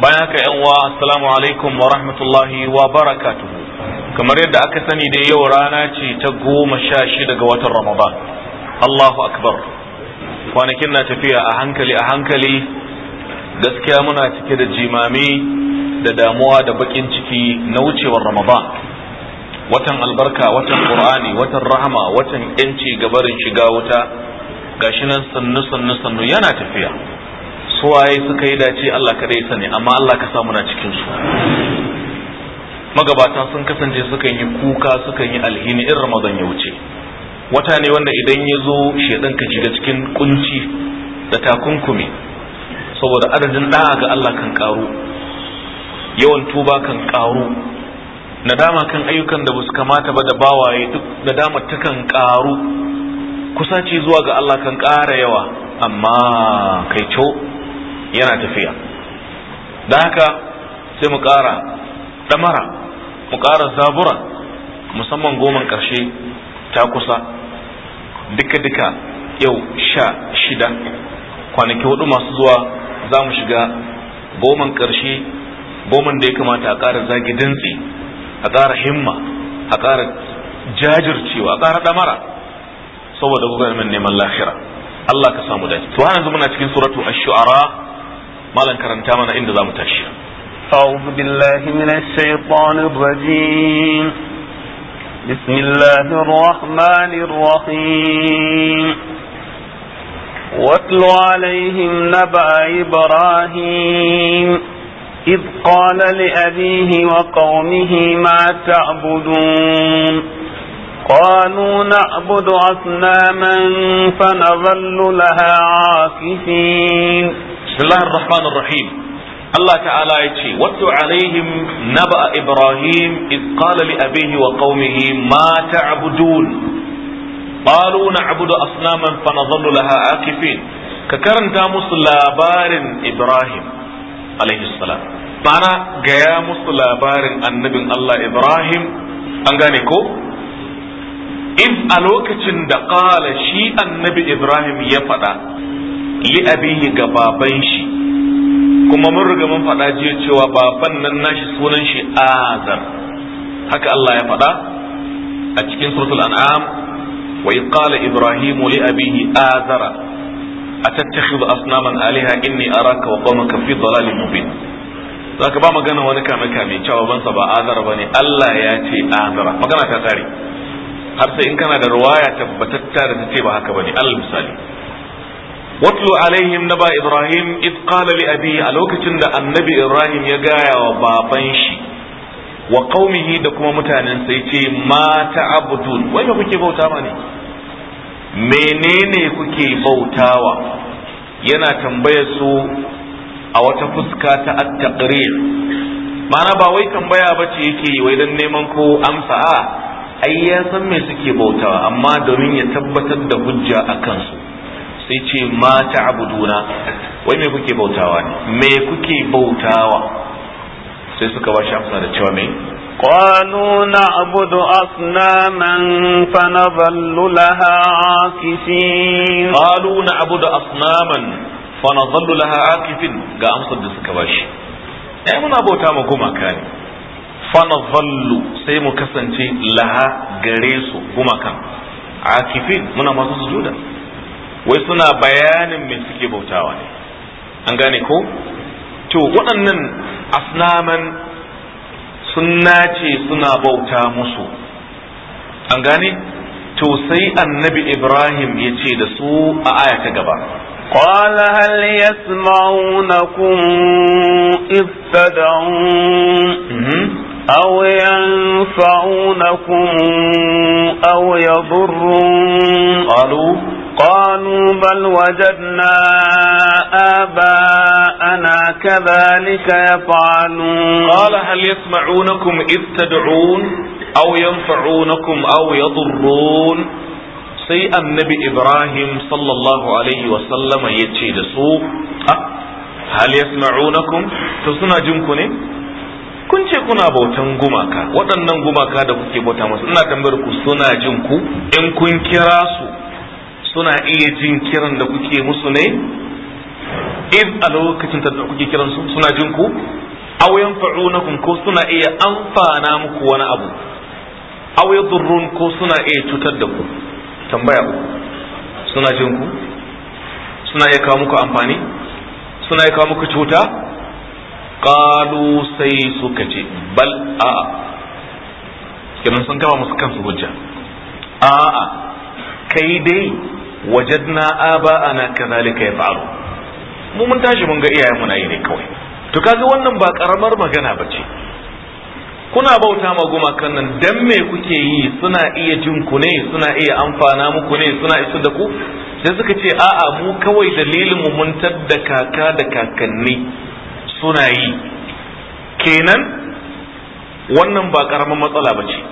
bayan haka yan uwa assalamu alaikum wa rahmatullahi wa barakatuhu kamar yadda aka sani dai yau rana ce ta goma sha shida ga watan ramadan allahu akbar kwanakin na tafiya a hankali a hankali gaskiya muna cike da jimami da damuwa da bakin ciki na wucewar ramadan watan albarka watan qur'ani watan rahama watan yanci gabarin shiga wuta gashi nan sannu sannu sannu yana tafiya suwaye suka yi dace Allah dai sani amma Allah ka samu na cikin su magabata sun kasance sukan yi kuka sukan yi alhini in Ramadan ya wuce wata ne wanda idan ya zo shedan ka shiga cikin kunci da takunkumi saboda adadin da ga Allah kan karu yawan tuba kan karu nadama kan ayyukan da basu kamata ba da bawaye duk nadama ta kan kusa ce zuwa ga Allah kan ƙara yawa amma kai kyau. yana tafiya da haka sai mu ƙara ɗamara mu ƙara zabura musamman goman ƙarshe ta kusa duka-duka yau sha shida kwanaki hudu masu zuwa za mu shiga goman ƙarshe goman da ya kamata a ƙara zagi dantse a ƙara himma a ƙara jajircewa a ƙara ɗamara saboda gugarmin neman lahira Allah ka samu dace to yanzu muna cikin suratu ash-shu'ara مالن كرنتا مانا inda زامو تاشي أعوذ بالله من الشيطان الرجيم بسم الله الرحمن الرحيم واتل عليهم نبأ إبراهيم إذ قال لأبيه وقومه ما تعبدون قالوا نعبد أصناما فنظل لها عاكفين bismillahir rahmanir Allah ta'ala ya wattu alaihim naba ibrahim iz qala li abihi wa qaumihi ma ta'budun qalu na'budu asnaman fa nadhallu laha akifin ka karanta musu labarin ibrahim alaihi salam gaya musu labarin ko a lokacin da shi annabi ibrahim ya faɗa li ga baban shi kuma mun riga mun faɗa jiya cewa baban nan nashi sunan shi azar haka Allah ya faɗa a cikin suratul an'am wa qala ibrahimu li azara atattakhidhu asnaman alaha inni araka wa qawmaka fi dhalalin mubin zaka ba magana wani kame kame cewa sa ba azara bane Allah ya ce azara magana ta tare har sai in kana da ya tabbatatta da ta ce ba haka bane al misali watlu alaihim naba ibrahim id qala li abi a lokacin da annabi ibrahim ya gaya wa baban shi wa qaumihi da kuma mutanen sai ce ma ta'budun wai me kuke bauta ma ne menene kuke bautawa yana tambayar su a wata fuska ta at-taqrir ma'ana ba wai tambaya bace yake yi wai dan neman ko amsa Ayyasan ai me suke bautawa amma domin ya tabbatar da hujja a kansu sai ce ma abuduna. wai me kuke bautawa ne me kuke bautawa sai suka ba shi amsa da cewa me قالوا نعبد أصناما فنظل لها عاكفين قالوا نعبد أصناما فنظل لها عاكفين قا أمصد سكباش منا بوتا مقوما كان فنظل سيمو كسنتي لها غريسو قوما كان عاكفين منا ما سجودا wai suna bayanin me suke bautawa ne an gane ko to waɗannan asnaman sun ce suna bauta musu an gane to sai annabi ibrahim ya ce da su a aya ta gaba قال هل يسمعونكم إذ تدعون أو ينفعونكم أو يضرون قالوا قالوا بل وجدنا آباءنا كذلك يفعلون قال هل يسمعونكم إذ تدعون أو ينفعونكم أو يضرون sai annabi Ibrahim sallallahu alaihi wasallama ya ce da su hal yasma'unakum to suna ku ne kun ce kuna bautan gumaka waɗannan gumaka da kuke bauta musu ina tambayar ku suna jin ku in kun kira su suna iya jin kiran da kuke musu ne if a lokacin da kuke kiran su suna jin ku aw yanfa'unakum ko suna iya amfana muku wani abu aw yadurrun ko suna iya cutar da ku tambaya ku suna jin ku suna iya kawo muku amfani suna iya kawo muku cuta qalu sai suka ce bal a'a kenan sun kama musu kansu hujja a'a kai dai wajadna aba'ana kadhalika yaf'alu mu mun tashi mun ga iyayen mu na yi ne kawai to kaga wannan ba karamar magana bace kuna bauta ma gumakan nan dan me kuke yi suna iya jin ku ne suna iya amfana muku ne suna isar da ku sai suka ce a'a mu kawai dalilin mu mun tadda kaka da kakanni suna yi kenan wannan ba karamar matsala bace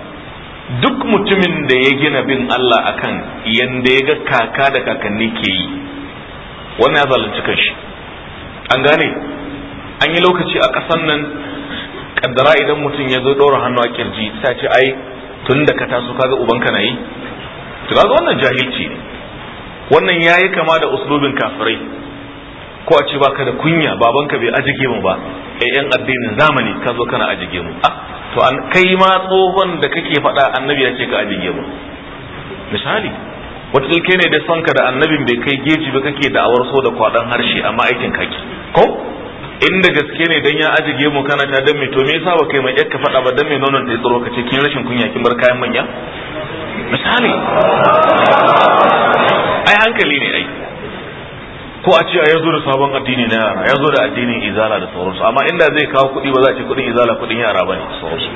duk mutumin da ya gina bin Allah akan yanda ya ga kaka da kakanni ke yi wannan ya zalunci kanshi an gane an yi lokaci a ƙasan nan kaddara idan mutum ya zo ɗora hannu a kirji ta ce ai tun da ka taso kaga ubanka na yi to kaga wannan jahilci ne wannan yayi kama da uslubin kafirai ko a ce baka da kunya babanka bai ajige mu ba eh yan addinin zamani ka zo kana ajige mu ah to an kai ma tsohon da kake faɗa annabi ya ce ka ajige mu misali wata ke ne da sonka da annabin bai kai geji ba kake da awar so da kwaɗon harshe amma aikin kaki ko inda gaske ne dan ya ajige mu kana ta dan me to me yasa ba kai mai ka faɗa ba dan me nonon ta tsoro kace kin rashin kunya kin bar kayan manya misali ai hankali ne ai ko a ce ya zo da sabon addini na yara ya zo da addinin izala da sauransu amma inda zai kawo kuɗi ba za a ce kuɗin izala kuɗin yara ba ne sauransu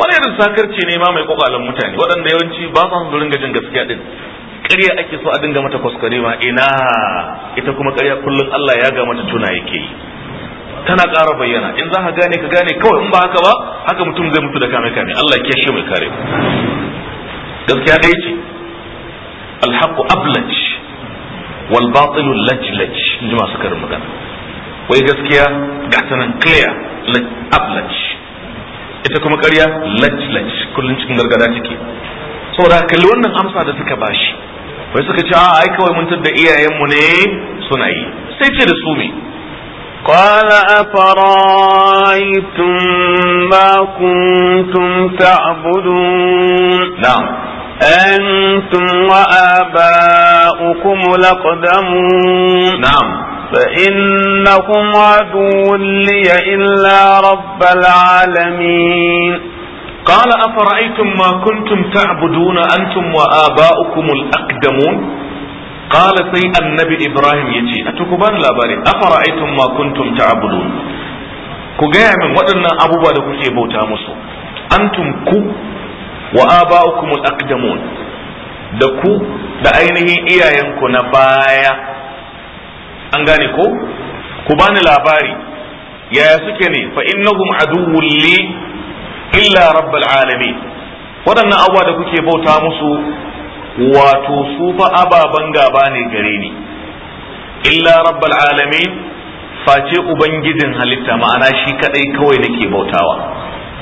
wani irin sakarci ne ma mai kwakwalan mutane waɗanda yawanci ba su su ringa jin gaskiya din ƙarya ake so a dinga mata kwaskware ma ina ita kuma ƙarya kullum Allah ya ga mata tuna yake yi tana ƙara bayyana in za ka gane ka gane kawai in ba haka ba haka mutum zai mutu da kame kame Allah ke shi mai kare gaskiya ɗaya ce alhaku ablanci wal batilu lajlaj ji masu karin magana wai gaskiya ga sanan clear ablaj ita kuma ƙarya lajlaj kullum cikin gargada take saboda kalli wannan amsa da suka bashi wai suka ce a ai kawai mun tadda iyayenmu ne suna yi sai ce da su me قال أفرأيتم ما كنتم تعبدون نعم أنتم وآباؤكم الأقدمون نعم فإنكم عدو لي إلا رب العالمين قال أفرأيتم ما كنتم تعبدون أنتم وآباؤكم الأقدمون قال سي النبي إبراهيم يجي أتكبان لاباري أفرأيتم ما كنتم تعبدون ku gaya min waɗannan abubuwa da kuke bauta musu antum ku wa aba'ukum al-aqdamun da ku da ainihin iyayenku na baya an gane ko ku bani labari yaya suke ne fa innahum aduwwul li illa rabbal alamin waɗannan abuwa da kuke bauta musu wato su fa ababan gaba ne gare ni illa rabbal alamin face ubangijin halitta ma'ana shi kadai kawai nake bautawa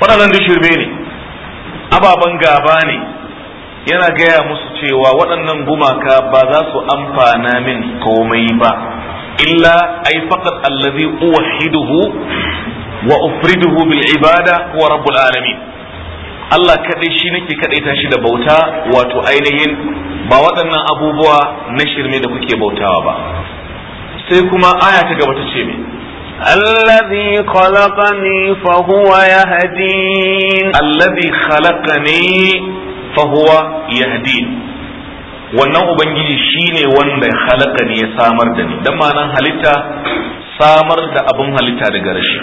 waɗannan dushirbe ne ababen gaba ne yana gaya musu cewa waɗannan gumaka ba za su amfana min komai ba illa ai faqat allazi uwahiduhu wa ufriduhu bil ibada wa rabbul alamin Allah kaɗai shi nake kaɗaita shi da bauta wato ainihin ba waɗannan abubuwa na shirme da kuke bautawa ba sai kuma aya ta gaba ta ce mai الذي خلقني فهو يهدين الذي خلقني فهو يهدين wannan ubangiji shine wanda halaka ne ya samar da ni dan ma'anan halitta samar da abin halitta daga rashi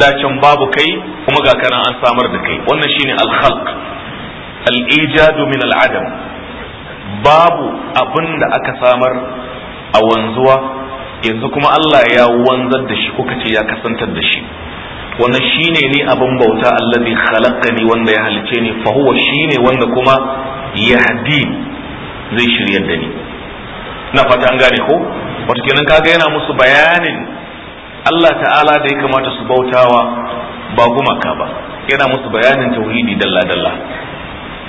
dacin babu kai kuma ga kana an samar da kai wannan shine al-khalq al-ijadu min al-adam babu abin da aka samar a wanzuwa yanzu kuma Allah ya wanzar da shi kuka ce ya kasantar da shi wannan shine ni abin bauta allazi khalaqani wanda ya halice ni fa huwa shine wanda kuma yahdi zai shiryar da ni na fata an gane ko wato kenan kaga yana musu bayanin Allah ta'ala da ya kamata su bautawa ba gumaka ba yana musu bayanin tauhidi dalla dalla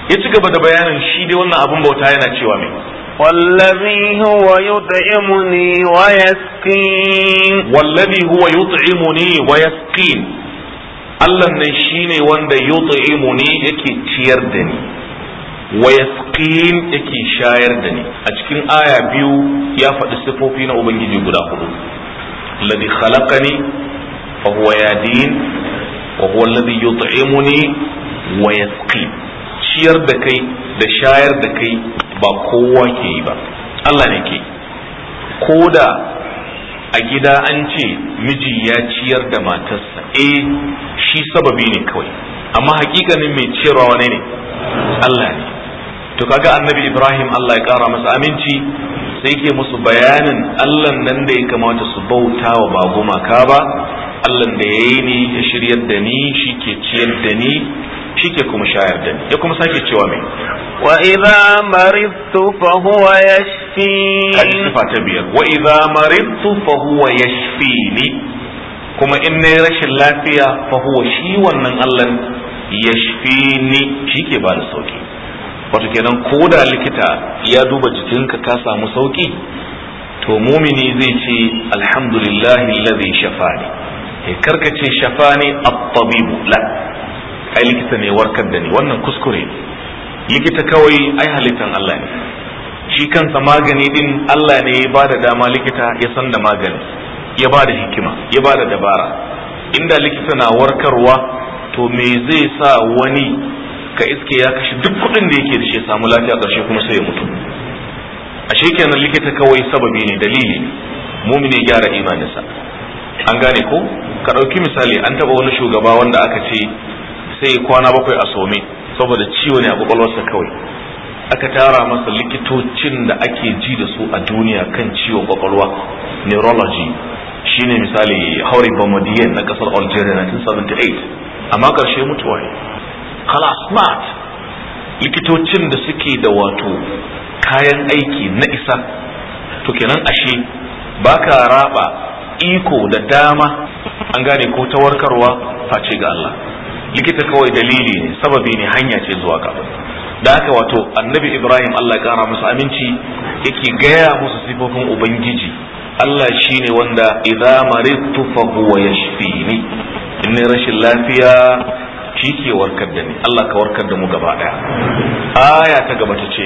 ya ci gaba da bayanin shi dai wannan abin bauta yana cewa mai والذي هو يطعمني ويسقين والذي هو يطعمني ويسقين Allah nan shine wanda yut'imuni yake ciyar da ni wa yasqin yake shayar da ni a cikin aya biyu ya faɗi sifofi na ubangiji guda hudu alladhi khalaqani ciyar da kai da shayar da kai ba kowa ke yi ba Allah ne ke ko da a gida an ce miji ya ciyar da matarsa eh shi sababi ne kawai amma hakikanin mai ciyarwa wane ne Allah ne to kaga annabi Ibrahim Allah ya kara masa aminci sai ke musu bayanin Allah nan da ya kamata su bauta wa ba gumaka ba Allah da ya yi ni ya shiryar da ni shi ke ciyar da ni shi ke kuma shayar da ni ya kuma sake cewa mai wa idza maridtu fa huwa yashfi kaji sifa ta biyar wa idza maridtu fa huwa yashfini kuma in nayi rashin lafiya fa huwa shi wannan Allah yashfini shi ke ba da sauki wato kenan ko da likita ya duba jikinka ka samu sauki to mumini zai ce alhamdulillahi alladhi shafani kai eh, karka ce shafani at-tabibu la ai likita ne warkar da ni wannan kuskure likita kawai ai halittan Allah ne shi kansa magani din Allah ne ya bada dama likita ya san da magani ya bada hikima ya bada dabara inda likita na warkarwa to me zai sa wani ka iske ya kashe duk kuɗin da yake da shi samu lafiya ƙarshe kuma sai ya mutu ashe kenan likita kawai sababi ne dalili mumini gyara imaninsa an gane ko ka ɗauki misali an taɓa wani shugaba wanda aka ce sai kwana bakwai a some saboda ciwo ne a kwakwalwarsa kawai aka tara masa likitocin da ake ji da su a duniya kan ciwon kwakwalwa neurology shine misali hauri bamadiyan na kasar algeria 1978 amma karshe mutuwa ne smart likitocin da suke da wato kayan aiki na isa to kenan ashe ba ka raba iko da dama an gane ko ta warkarwa face ga Allah likita kawai dalili ne sababi ne hanya ce zuwa ga da aka wato annabi ibrahim allah ya kara musu aminci yake gaya musu sifofin ubangiji allah shine wanda idza maridtu fa huwa yashfini in rashin lafiya shi ke warkar da ni Allah ka warkar da mu gaba daya aya ta gaba ta ce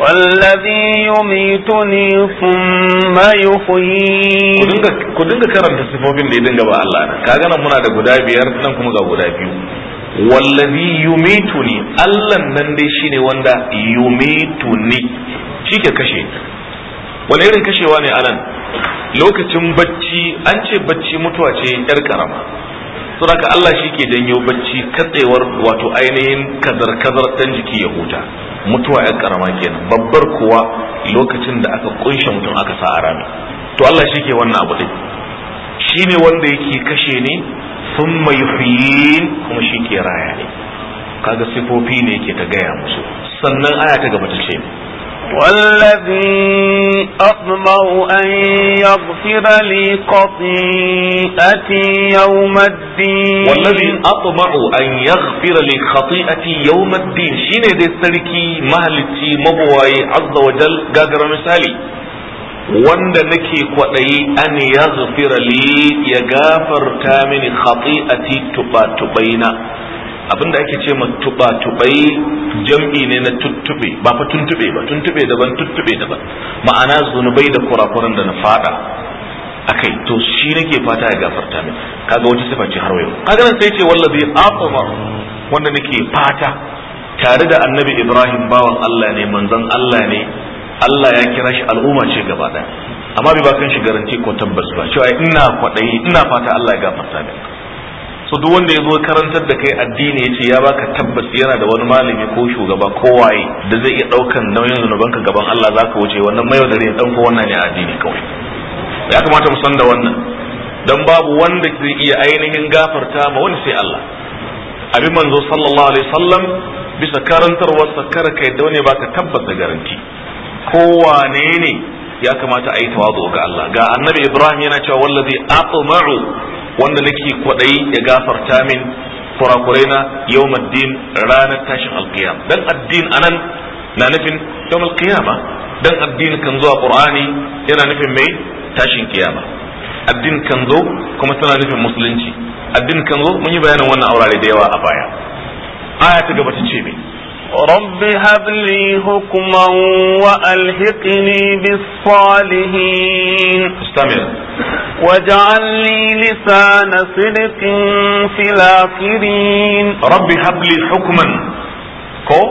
wallazi yumituni thumma yuhyi ku dinga karanta sifofin da ya dinga ba Allah na kaga nan muna da guda biyar nan kuma ga guda biyu wallazi yumituni Allah nan dai shine wanda yumituni shi ke kashe wani irin kashewa ne anan lokacin bacci an ce bacci mutuwa ce yar karama saboda Allah shi ke janyo bacci katsewar wato ainihin kazar-kazar dan jiki ya huta mutuwa ya karama kenan babbar kuwa lokacin da aka kunshe mutum aka sa arami to Allah shi ke wannan abu din shi ne wanda yake kashe ne sun mai kuma shi ke raya ne kaga sifofi ne yake ta gaya musu sannan aya ta gaba ta ce والذي أطمع أن يغفر لي خطيئتي يوم الدين والذي أطمع أن يغفر لي خطيئتي يوم الدين شين دي سركي مهلتي مبواي عز وجل قاقر مثالي wanda nake kwaɗayi an ya li ya gafarta mini khati'ati tuba tubaina abinda ake ce ma tuba tubai jam'i ne na tuttube ba fa tuntube ba tuntube daban tuttube daban ma'ana zunubai da kurakuran da na fada akai to shi nake fata ya gafarta min kaga wata sifa ce har yau kaga nan sai ce wallazi aqwa wanda nake fata tare da annabi Ibrahim bawan Allah ne manzon Allah ne Allah ya kira shi al'umma ce gaba daya amma bai ba kan shi garanti ko tabbas ba cewa ina kwadai ina fata Allah ya gafarta min so duk wanda ya zo karantar da kai addini ya ce ya baka tabbas yana da wani malami ko shugaba ko waye da zai iya daukan nauyin zunubanka gaban Allah zaka wuce wannan mai da rin ko wannan ne addini kawai ya kamata mu san da wannan dan babu wanda zai iya ainihin gafarta ma wani sai Allah abin manzo sallallahu alaihi wasallam bisa karantarwar sakar kai da wani baka tabbas da garanti kowane ne ya kamata a yi tawazu ga Allah ga annabi Ibrahim yana cewa wallazi atma'u wanda nake kwadayi ya gafarta min kurakurai na yawmaddin ranar tashin alkiyam dan addin anan na nufin yawmal alkiyama. dan addin kan zo a qur'ani yana nufin mai tashin kiyama addin kan zo kuma tana nufin musulunci addin kan zo mun yi bayanin wannan aurare da yawa a baya aya ta gaba ta ce mai رب هب لي حكما وألحقني بالصالحين استمر واجعل لي لسان صدق في الآخرين رب هب لي حكما كو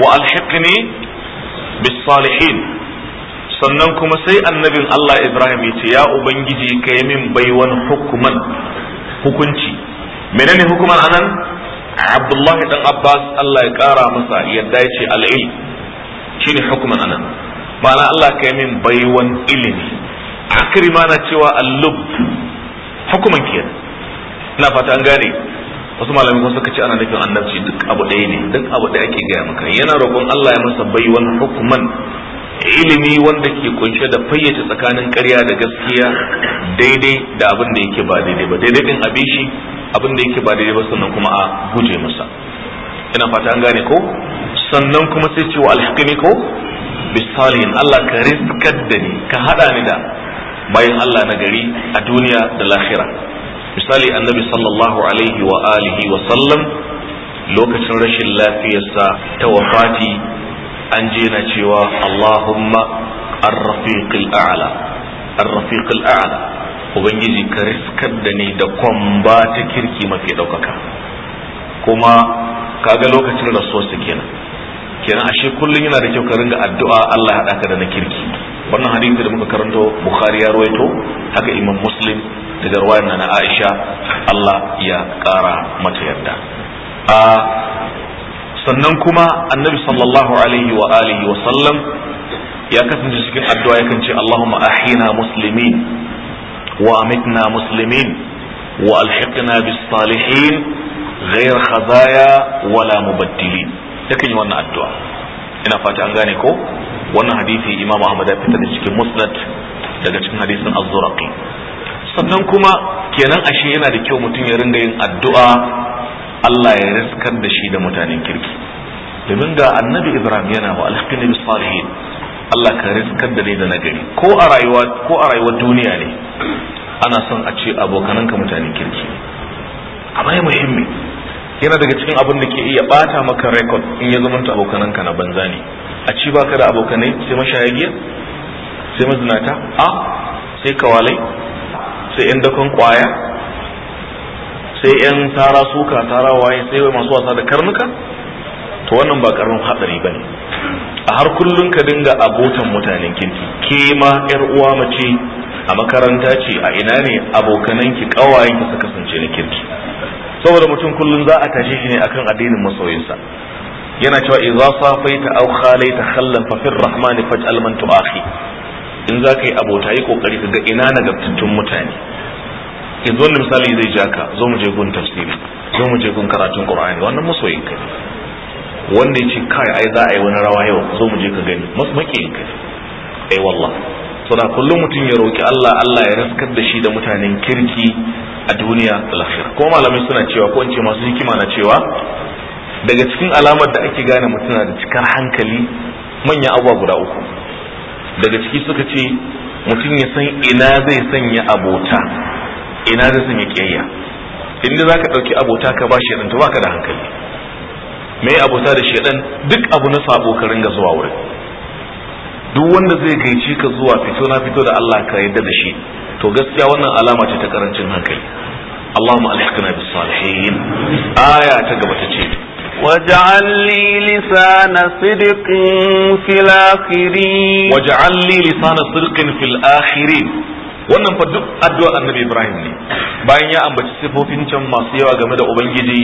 وألحقني بالصالحين sannan kuma sai annabin Allah Ibrahim ya ce ya ubangiji ka yi min baiwan hukuman hukunci menene hukuman anan abdullahi dan abbas allah ya kara masa yadda ya ce al'il ne hukuman anan ma'ana allah ka yi min baiwan ilimi akrima na cewa allub hukuman kenan ina fata an gane wasu malamai kuma suka ce ana nufin annabci duk abu ɗaya ne duk abu ɗaya ake gaya maka yana roƙon Allah ya masa baiwan hukuman ilimi wanda ke kunshe da fayyace tsakanin ƙarya da gaskiya daidai da abin da yake ba daidai ba daidai din abin shi abin da yake ba daidai ba sannan kuma a guje masa ina fata an gane ko sannan kuma sai ce wa ko bisalihin Allah ka rizkar da ni ka hada ni da bayan Allah na gari a duniya da lahira misali annabi sallallahu alaihi wa alihi wa sallam lokacin rashin lafiyarsa ta wafati an je na cewa Allahumma ar-rafiq al-a'la ar-rafiq al-a'la ubangiji ka riskar da ni da kwamba ta kirki mafi daukaka kuma kaga lokacin rasuwarsa kenan kenan ashe kullum yana da kyau ka ringa addu'a Allah ya haɗa da na kirki wannan hadisi da muka karanto Bukhari ya rawaito haka Imam Muslim daga ruwayar na Aisha Allah ya ƙara mata yarda a sannan kuma annabi sallallahu alaihi wa alihi wa sallam ya kasance cikin addu'a yakan ce Allahumma ahina muslimin wa amitna muslimin wa alhiqna bis salihin ghayr khazaya wala mubaddilin yakan yi wannan addu'a ina fata an gane ko wannan hadisi Imam Ahmad ya fitar da cikin Musnad daga cikin hadisin Az-Zurqi sannan kuma kenan ashe yana da kyau mutum ya ringa yin addu'a Allah ya riskar da shi da mutanen kirki domin ga annabi Ibrahim yana wa alhaqini da salihin Allah ka riskar da ni da nagari ko a rayuwa ko a rayuwar duniya ne ana son a ce abokananka mutanen kirki amma ya muhimmi yana daga cikin abin da ke iya bata maka rekod in ya zama abokananka na banza ne a ci baka da abokanai sai mashayagiya sai mazinata a sai kawalai sai yan dakon kwaya sai yan tara suka tara waye sai masu wasa da karnuka to wannan ba karamin hadari bane a har kullun ka dinga abotan mutanen kirki ke ma yar uwa mace a makaranta ce a ina ne abokananki kawayenki su kasance na kirki saboda mutum kullun za a tashi shi ne akan addinin masoyinsa yana cewa idza safaita aw khalaita khallan fa fir rahmani faj'al man tu'akhi in za ka yi abota yi kokari ka ga ina nagartattun mutane yanzu dole misali zai ji ka zo mu je gun tafsiri zo mu je gun karatun qur'ani wannan masoyin ka wanda yake kai ai za a yi wani rawa yau zo mu je ka gani makiyin ka ai eh, wallah saboda kullum mutum ya roki Allah Allah ya raskar da shi da mutanen kirki a duniya da ko malamai suna cewa ko ce masu hikima na cewa daga cikin alamar da ake gane mutum na da cikar hankali manyan abubuwa guda uku daga ciki suka ce mutum ya san ina zai sanya abota ina da sun yi kiyayya inda za ka ɗauki abota ka ba shedan to baka da hankali me abota da shedan duk abu na sabo ka ringa zuwa wurin duk wanda zai gaici ka zuwa fito na fito da Allah ka yadda da shi to gaskiya wannan alama ce ta karancin hankali Allahumma aya ta gaba ta ce واجعل لي لسان صدق في الآخرين واجعل لي لسان صدق في الآخرين wannan fa duk addu'ar annabi ibrahim ne bayan ya ambaci sifofin can masu yawa game da ubangiji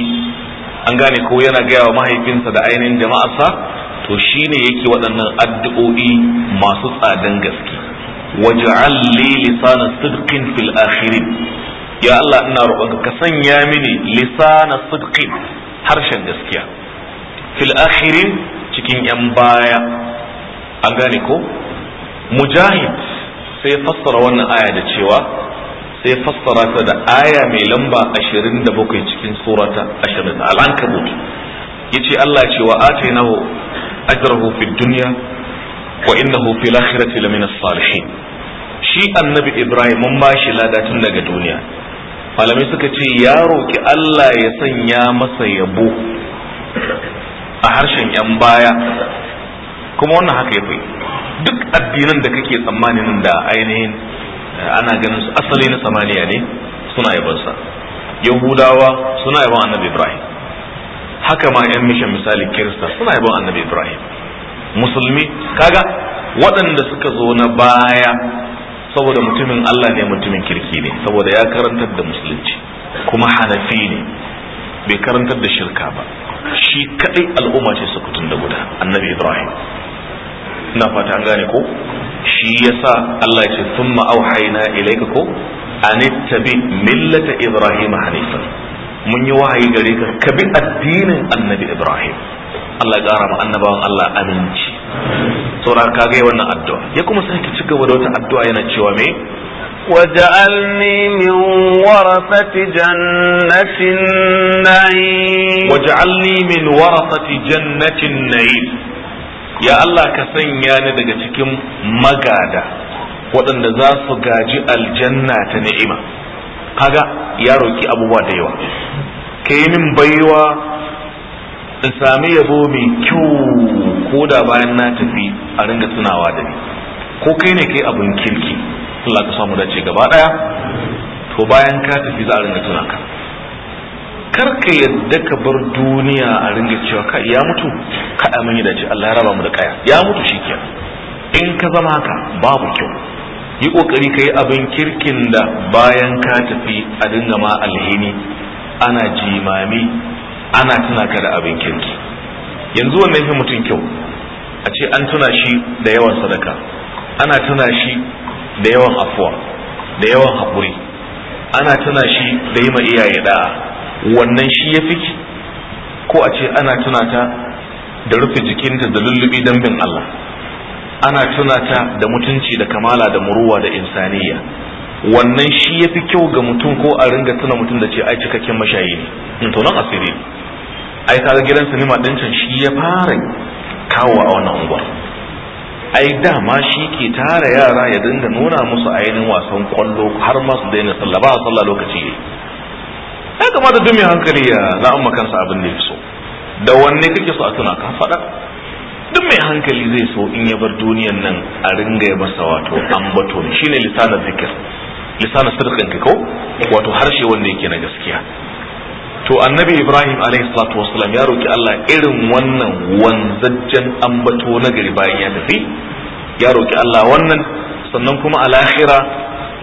an gane ko yana gaya wa mahaifinsa da ainihin jama'arsa to shine yake waɗannan addu'o'i masu tsadan gaske waj'al li lisana sidqin fil akhirin ya Allah ina roƙonka ka sanya mini lisana sidqin harshen gaskiya fil akhirin cikin yan baya an gane ko mujahid sai fassara wannan aya da cewa sai fassara ta da aya mai lamba 27 cikin surata 20 al yace Allah ce wa atainahu ajrahu fid dunya wa innahu fil akhirati lamina salihin shi annabi Ibrahim mun bashi lada tun daga duniya malamai suka ce ya roki Allah ya sanya masa yabo a harshen yan baya kuma wannan haka ya duk addinan da kake tsammanin da ainihin eh, ana ganin su asali na samaniya ne suna sa yahudawa suna yaban annabi ibrahim haka ma yan mishan misali kirista suna yaban annabi ibrahim musulmi kaga waɗanda suka zo na baya saboda mutumin allah ne mutumin kirki ne saboda ya karantar da musulunci kuma hanafi ne bai karantar da shirka ba shi kaɗai al'umma ce sukutun da guda annabi ibrahim Na fata an gane ko shi yasa Allah ya ce thumma auhayna ilayka ko anittabi millata ibrahim hanifa mun yi wahayi gare ka ka bi addinin annabi ibrahim Allah ya ƙara ma annabawan Allah aminci saura ka ga wannan addu'a ya kuma sake ci gaba da wata addu'a yana cewa me waja'alni min warasati jannatin na'im waja'alni min warasati jannatin na'im ya Allah ka sanya ni daga cikin magada waɗanda za su gaji aljanna ta ni'ima kaga ya roki abubuwa da yawa ka yi min baiwa in sami yabo mai kyau ko da bayan na tafi a ringa tunawa da ni ko kai ne kai abun kirki Allah ka samu dace gaba daya to bayan ka tafi za a ringa tuna karka yadda ka bar duniya a ringa cewa ka ya mutu kada mun yi dace Allah ya raba mu da kaya ya mutu shi ke in ka zama haka babu kyau yi kokari kai abin kirkin da bayan ka tafi a dinga ma alhini ana jimami ana tuna ka da abin kirki yanzu wannan yafi mutum kyau a ce an tuna shi da yawan sadaka ana tuna shi da yawan afuwa da yawan haƙuri ana tuna shi da yi ma iyaye da'a wannan shi ya fi ko a ce ana tunata da rufe jikinta da lullubi don bin Allah ana tunata da mutunci da kamala da muruwa da insaniya wannan shi ya fi kyau ga mutum ko a ringa tuna mutum da ce ai cikakken mashayi ne hmm, tonon asiri ai ga gidan sinima din can shi ya fara kawo a wannan unguwar ai dama shi ke tara yara ya dinga nuna musu ainihin wasan kwallo har ma daina sallah ba a sallah lokaci ya kama da dumi hankali ya za la'amma kansa abin da ya so da wanne kake so a tuna ka faɗa duk mai hankali zai so in ya bar duniyan nan a ringa ya masa wato ambato shine lisanar zikir lisanar sirrin ka ko wato harshe wanda yake na gaskiya to annabi ibrahim alaihi salatu wasalam ya roki Allah irin wannan wanzajjen ambato na gari bayan ya tafi ya roki Allah wannan sannan kuma a lahira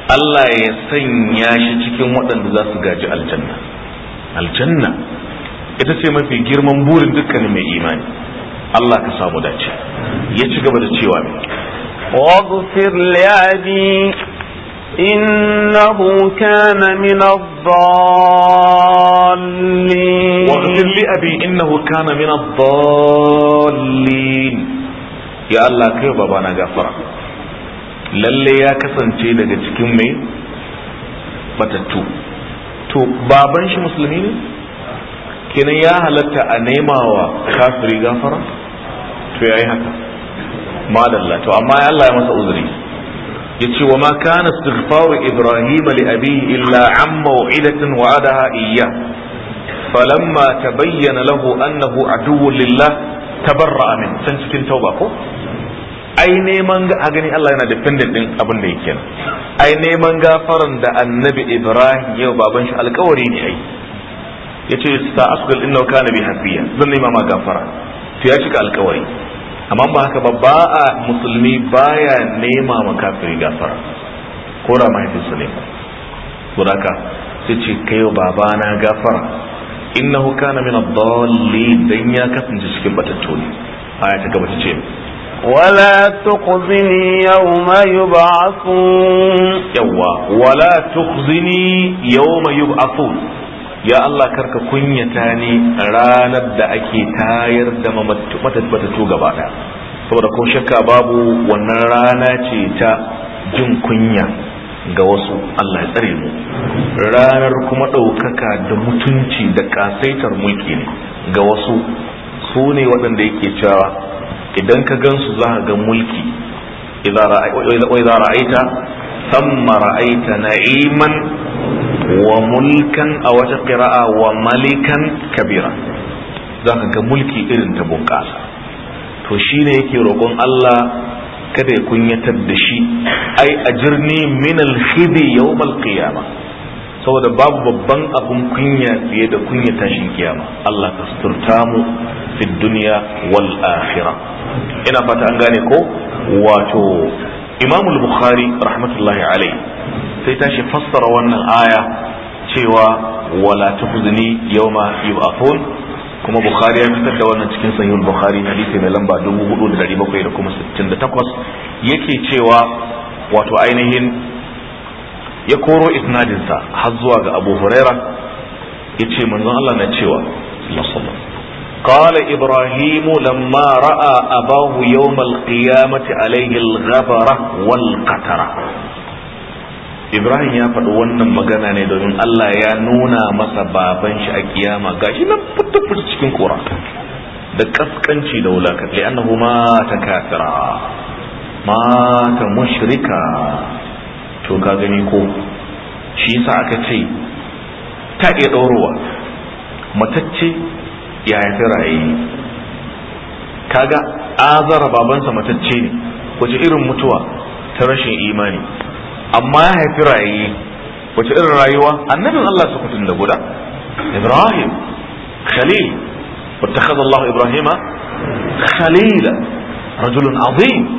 Allah ya sanya shi cikin waɗanda za su gaji aljanna aljanna ita ce mafi girman burin dukkanin mai imani Allah ka samu dace ya ci gaba da cewa واغفر لأبي إنه كان من الضالين واغفر لأبي إنه كان من الضالين يا الله كيف lalle ya kasance daga cikin mai matattu to baban shi musulmi ne kenan ya halatta a nemawa kafiri gafara to yayi haka madalla to amma Allah ya masa uzuri yace wa ma kana istighfaru ibrahim li abihi illa an maw'idatin wa'adaha iyya falamma tabayyana lahu annahu aduwwun lillah tabarra'a min san cikin tauba ko ai neman a gani Allah yana dependent din abin da yake ai neman gafaran da annabi Ibrahim yau baban shi alkawari ne ai yace ta asqal Inna kana bi hafiya zan nema ma gafara to ya cika alkawari amma ba haka ba ba a musulmi baya nema ma kafiri gafara ko da mahaifinsa ne to ka. sai ce kai na gafara innahu kana min ad-dallin dan ya kasance cikin batattu ne aya ta gaba ce ولا تخزني يوم يبعثون يوا ولا تخزني يوم يبعثون يا الله كرك كنيتاني ranar da ake tayar da matattu gaba daya saboda ko shakka babu wannan rana ce ta jin kunya ga wasu Allah ya tsare mu ranar kuma ɗaukaka da mutunci da kasaitar mulki ne ga wasu su ne waɗanda yake cewa idan ka gansu za ka ga mulki idza ra'aita thumma ra'aita na'iman wa mulkan a wata qira'a wa malikan kabira za ka ga mulki irin ta bunƙasa to shine yake roƙon Allah kada ya kunyatar da shi ai ajirni min al-khidi yawm al-qiyamah saboda babu babban abun kunya fiye da kunya tashin kiyama Allah ka suturta mu fi duniya wal akhirah ina fata an gane ko wato Imam bukhari rahmatullahi alai sai tashi fassara wannan aya cewa wala tuhzini yawma yub'athun kuma Bukhari ya fitar da wannan cikin sahih bukhari hadisi mai lamba 4768 yake cewa wato ainihin ya koro isnadinsa har zuwa ga abu huraira ya ce manzon Allah na cewa قال إبراهيم a bahu أباه يوم القيامة عليه الغبرة والقترة Ibrahim ya faɗi wannan magana ne domin Allah ya nuna masa baban shi a ƙiyama gashi nan fita cikin kora da kaskanci da wulakanci annahu ma ta kafira ma ta mushrika to ka gani ko shi yasa aka ce ta iya ɗorowa matacce ya haifi raye kaga azara babansa matacce ne wace irin mutuwa ta rashin imani amma ya haifi raye wace irin rayuwa annabin Allah su kutun da guda Ibrahim Khalil wata الله Ibrahima, خليلا رجل عظيم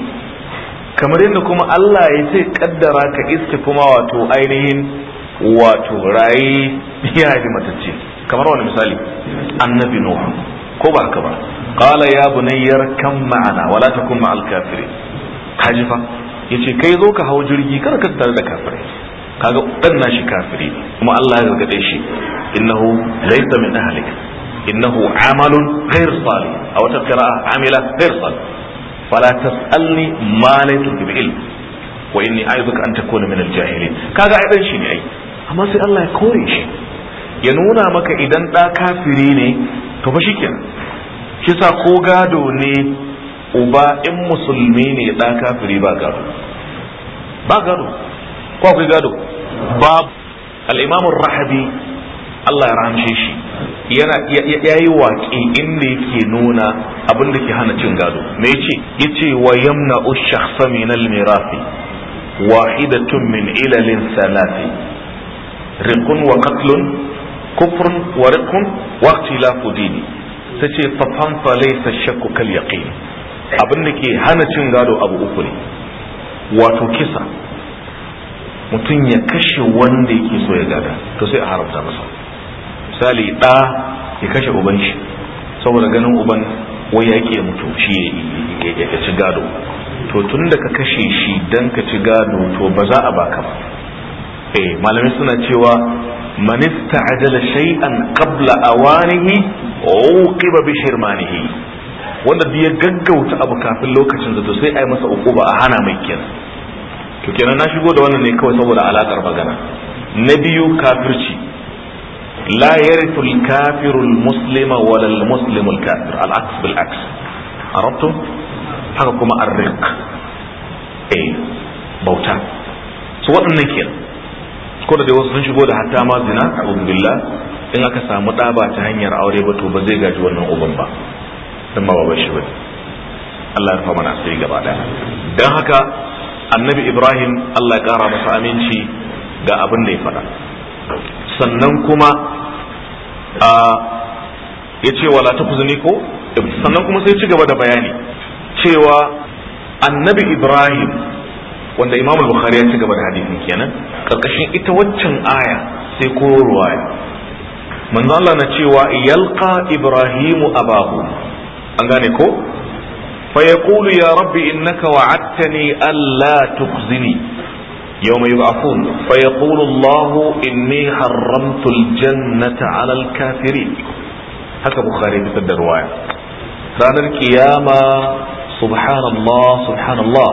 kamar yadda kuma Allah ya ce kaddara ka iske kuma wato ainihin wato raye ya haifi matacce kamar wani misali annabi nuhu ko ba ka ba qala ya bunayyar kan ma'ana wala takun ma'al kafirin hajifa yace kai zo ka hau jirgi kar ka tare da kafiri. kaga dan nashi kafiri kuma Allah ya gargade shi innahu laysa min ahlik innahu amalun ghayr salih aw taqra'a amila ghayr salih fala tasalni ma laysa bi ilm wa inni a'idhuka an takuna min al-jahilin kaga ai dan shi ne ai amma sai Allah ya kore shi ya nuna maka idan da kafiri ne to fa shikenan shi sa ko gado ne uba in musulmi ne da kafiri ba gado ba gado ko akwai gado babu al rahabi Allah ya rahamshe shi yana ya yi waƙe inda yake nuna abin da ke hana cin gado me yace yace wa yamna ush-shakhsa min al-mirathi wahidatun min ilalin salati riqun wa qatlun kufrun wa riqun wa ikhtilafu dini tace fa fan fa laysa shakku kal yaqin abin da ke hana cin gado abu uku ne wato kisa mutum ya kashe wanda yake so ya gada to sai a haramta masa misali ɗa ya kashe uban shi saboda ganin uban wai yake mutu shi ya ci gado to tun da ka kashe shi dan ka ci gado to ba za a baka ba eh malamai suna cewa man ista'jala shay'an qabla awanihi uqiba bi shirmanihi wanda duk gaggauta abu kafin lokacin da to sai ai masa uquba a hana mai kenan to kenan na shigo da wannan ne kawai saboda alakar magana na biyu kafirci la yarithu al-kafiru al-muslima wala kafir al-aks bil aks arabtum haka kuma ar-riq eh bauta su waɗannan kenan ko da dai wasu sun shigo da hatta ma zina a'udhu billah in aka samu ɗa ba ta hanyar aure ba to ba zai gaji wannan uban ba ba Allah ya dan haka annabi Ibrahim Allah ya kara masa aminci da abin da ya faɗa sannan kuma ya ce wala ta kuzuni ko sannan kuma sai ci gaba da bayani cewa annabi ibrahim wanda Imamul bukhari ya ci gaba da hadisin kenan karkashin ita waccan aya sai ko ruwaya manzo Allah na cewa yalqa ibrahimu abahu an gane ko fa yaqulu ya rabbi innaka wa'adtani alla tukhzini يوم يبعثون فيقول الله إني حرمت الجنة على الكافرين هكا بخاري بسد الرواية فأنا القيامة سبحان الله سبحان الله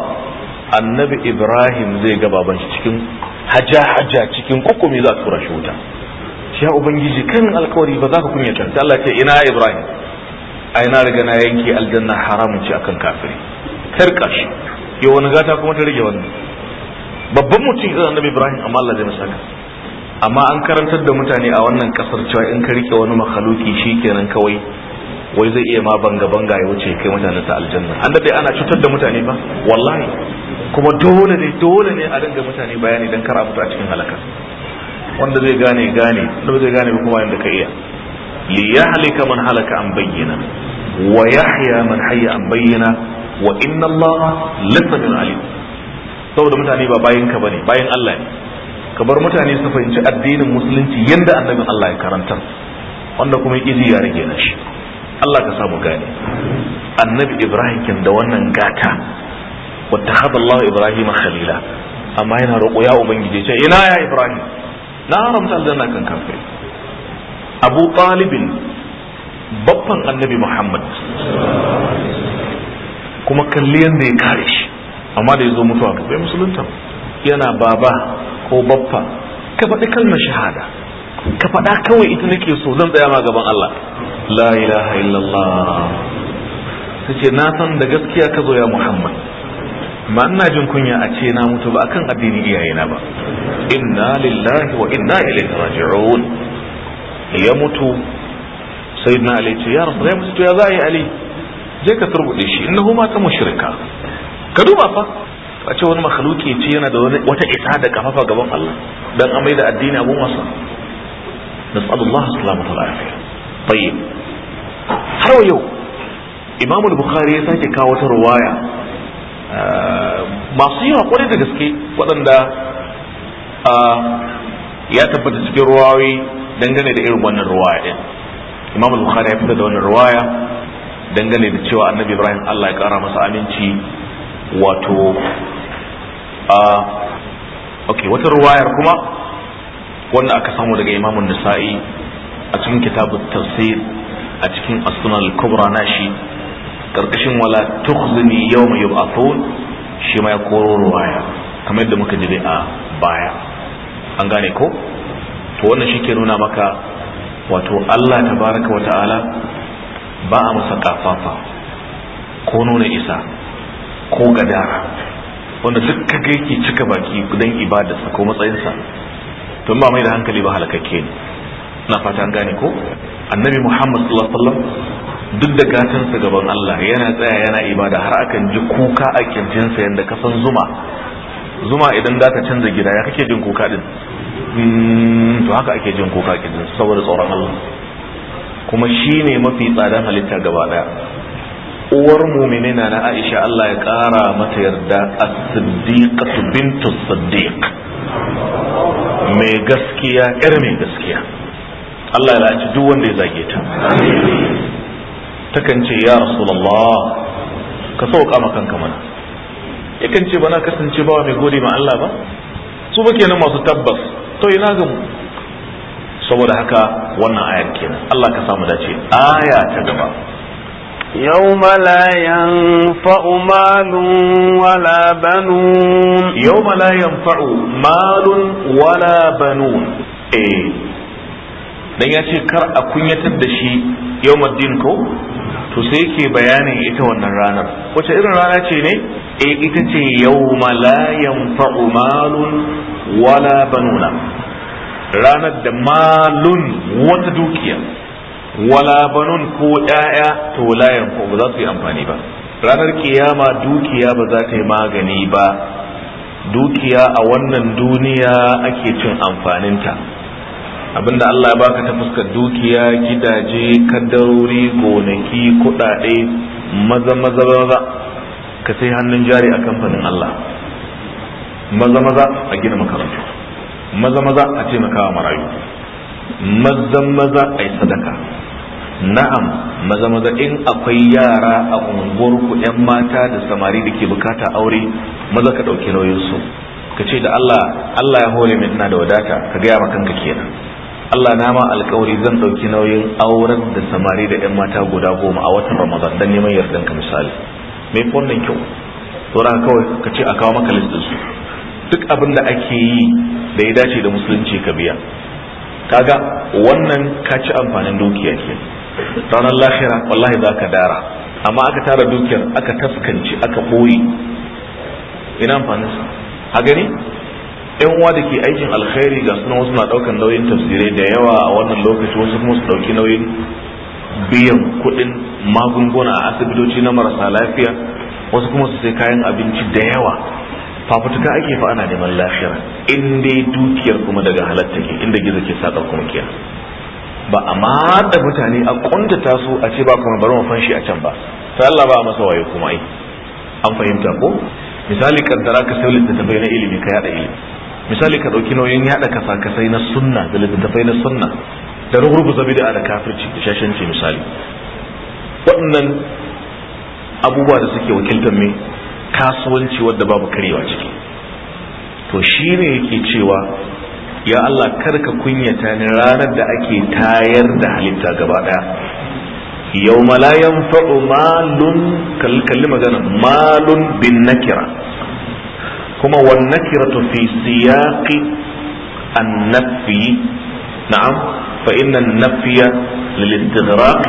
النبي إبراهيم زي قبابا cikin haja-haja cikin kukumi za su rashi wuta ya ubangiji kan alkawari ba za ka kunya ta Allah ce ina Ibrahim ai na riga na yanke aljanna haramun ci akan kafiri tarka yau wani gata kuma ta rage wannan babban mutum irin annabi ibrahim amma Allah zai masa amma an karantar da mutane a wannan kasar cewa in ka rike wani makhaluki shikenan kawai wai zai iya ma banga banga ya wuce kai mutanen ta aljanna an dade ana cutar da mutane ba wallahi kuma dole ne dole ne a dinga mutane bayani dan kar a fita a cikin halaka wanda zai gane gane wanda zai gane kuma yanda ka iya li yahlika man halaka an bayyana wa yahya man hayya an bayyana wa inna allaha lasamiyun alim saboda mutane ba bayan ka bane bayan Allah ne ka bar mutane su fahimci addinin musulunci yadda annabin Allah ya karanta wanda kuma izi ya rage na shi Allah ka samu gane annabi Ibrahim kin da wannan gata wata haɗa Allah Ibrahim khalila amma yana roƙo ya ubangiji ce ina ya Ibrahim na haramta aljanna kan kafiri Abu Talibin babban annabi Muhammad kuma kalli yadda ya kare shi amma da ya zo mutuwa to bai musulunta yana baba ko baffa ka faɗi kalmar shahada ka faɗa kawai ita nake so zan tsaya ma gaban Allah la ilaha illallah ta ce na san da gaskiya ka zo ya muhammad ma ina jin kunya a ce na mutu ba akan addinin iyayena ba inna lillahi wa inna ilaihi raji'un ya mutu sayyidina ali ce ya rasul ya mutu ya zai ali je ka turbude shi innahu ma ta mushrika ka duba fa a ce wani makhluki ce yana da wata ita da kafafa gaban Allah dan amai da addini abun wasa sallallahu alaihi wa sallam tayyib har yau imam al-bukhari ya sake kawo ta ruwaya eh, masu yawa hakuri da gaske waɗanda eh, ya tabbata cikin ruwawi dangane da irin wannan ruwaya din imam al-bukhari ya fita da wannan ruwaya dangane da cewa annabi ibrahim Allah ya kara masa aminci wato a ok wata ruwayar kuma wannan aka samu daga imamun nisa'i a cikin kitabun tafsir a cikin asunan al na shi, karkashin wala tukhzini yawma yub'athun shi ma ya koro ruwaya kamar yadda muka ji a baya an gane ko to wannan shi ke nuna maka wato Allah tabaraka wa ta'ala ba a masa kafafa ko nuna isa ko gadara wanda duk kaga yake cika baki don ibadarsa ko matsayinsa tun ba mai da hankali ba halakakke ne na fata an gane ko annabi muhammad sallallahu alaihi wasallam duk da gatansa gaban Allah yana tsaya yana ibada har akan ji kuka a kirjinsa yadda kasan zuma zuma idan za ta canza gida ya kake jin kuka din hmm, to haka ake jin kuka kirjinsa saboda tsoron Allah kuma shine mafi tsada halitta gaba daya uwar muminina na Aisha Allah ya kara mata yarda as-siddiqatu bintu siddiq mai gaskiya ƴar mai gaskiya Allah ya la'anci duk wanda ya zage ta takan ce ya rasulullah ka sauka ma kanka mana yakan ce bana kasance bawa mai gode ma Allah ba su ba kenan masu tabbas to ina ga mu saboda haka wannan ayar kenan Allah ka samu dace aya ta gaba يوم لا ينفع مال ولا بنون يوم لا ينفع مال ولا بنون dan ya ce kar a kunyatar da shi yau yawmaddin ko to sai yake bayanin ita wannan ranar wace irin rana ce ne eh ita ce yau malayan yanfa'u malun wala banuna ranar da malun wata dukiya wala banun ko yaya to la yanfu ba za su yi amfani ba ranar kiyama dukiya ba za ta yi magani ba dukiya a wannan duniya ake cin amfaninta abinda Allah ya baka ta fuskar dukiya gidaje kaddarori gonaki kudade maza maza maza ka sai hannun jari a kamfanin Allah maza maza a gina makarantu maza maza a taimakawa marayu mazan maza a yi sadaka na'am maza maza in akwai yara a unguwarku 'yan mata da samari da ke bukata aure maza ka ɗauki su. ka ce da Allah Allah ya hore min ina da wadata ka gaya ma kanka kenan Allah na ma alkawari zan ɗauki nauyin auren da samari da 'yan mata guda goma a watan Ramadan dan neman yardan ka misali me wannan kyau saura kawai ka ce a kawo maka su duk abin da ake yi da ya dace da musulunci ka biya kaga wannan ka ci amfanin dukiya ke ranar lahira wallahi za ka dara amma aka tara dukiyar aka taskanci aka ɓoye ina amfanin sa a gani yan uwa da ke aikin alkhairi ga suna wasu na ɗaukar nauyin tafsirai da yawa a wannan lokaci wasu kuma su ɗauki nauyin biyan kuɗin magunguna a asibitoci na marasa lafiya wasu kuma su sai kayan abinci da yawa fafutuka ake fa ana neman lafiya in dai dukiyar kuma daga halatta ke inda gizo ke saka kuma kiya ba a matsa mutane a kuntata su a ce ba kuma bari mu fanshi a can ba ta Allah ba masa waye kuma ai an fahimta ko misali kaddara ka sai littattafai na ilimi ka yada ilimi misali ka dauki nauyin yada kasa kasai na sunna da littattafai na sunna da rubu zabi da kafirci da shashanci misali waɗannan abubuwa da suke wakiltar me kasuwanci wadda babu karewa ciki to shi ne yake cewa ya Allah karka kunyata ni ranar da ake tayar da halitta gaba daya yau la faɗo malun kalli magana malun bin nakira kuma wan nakiratu fi siyaqi an nafi. na'am fa inna nafiya lil-istighraq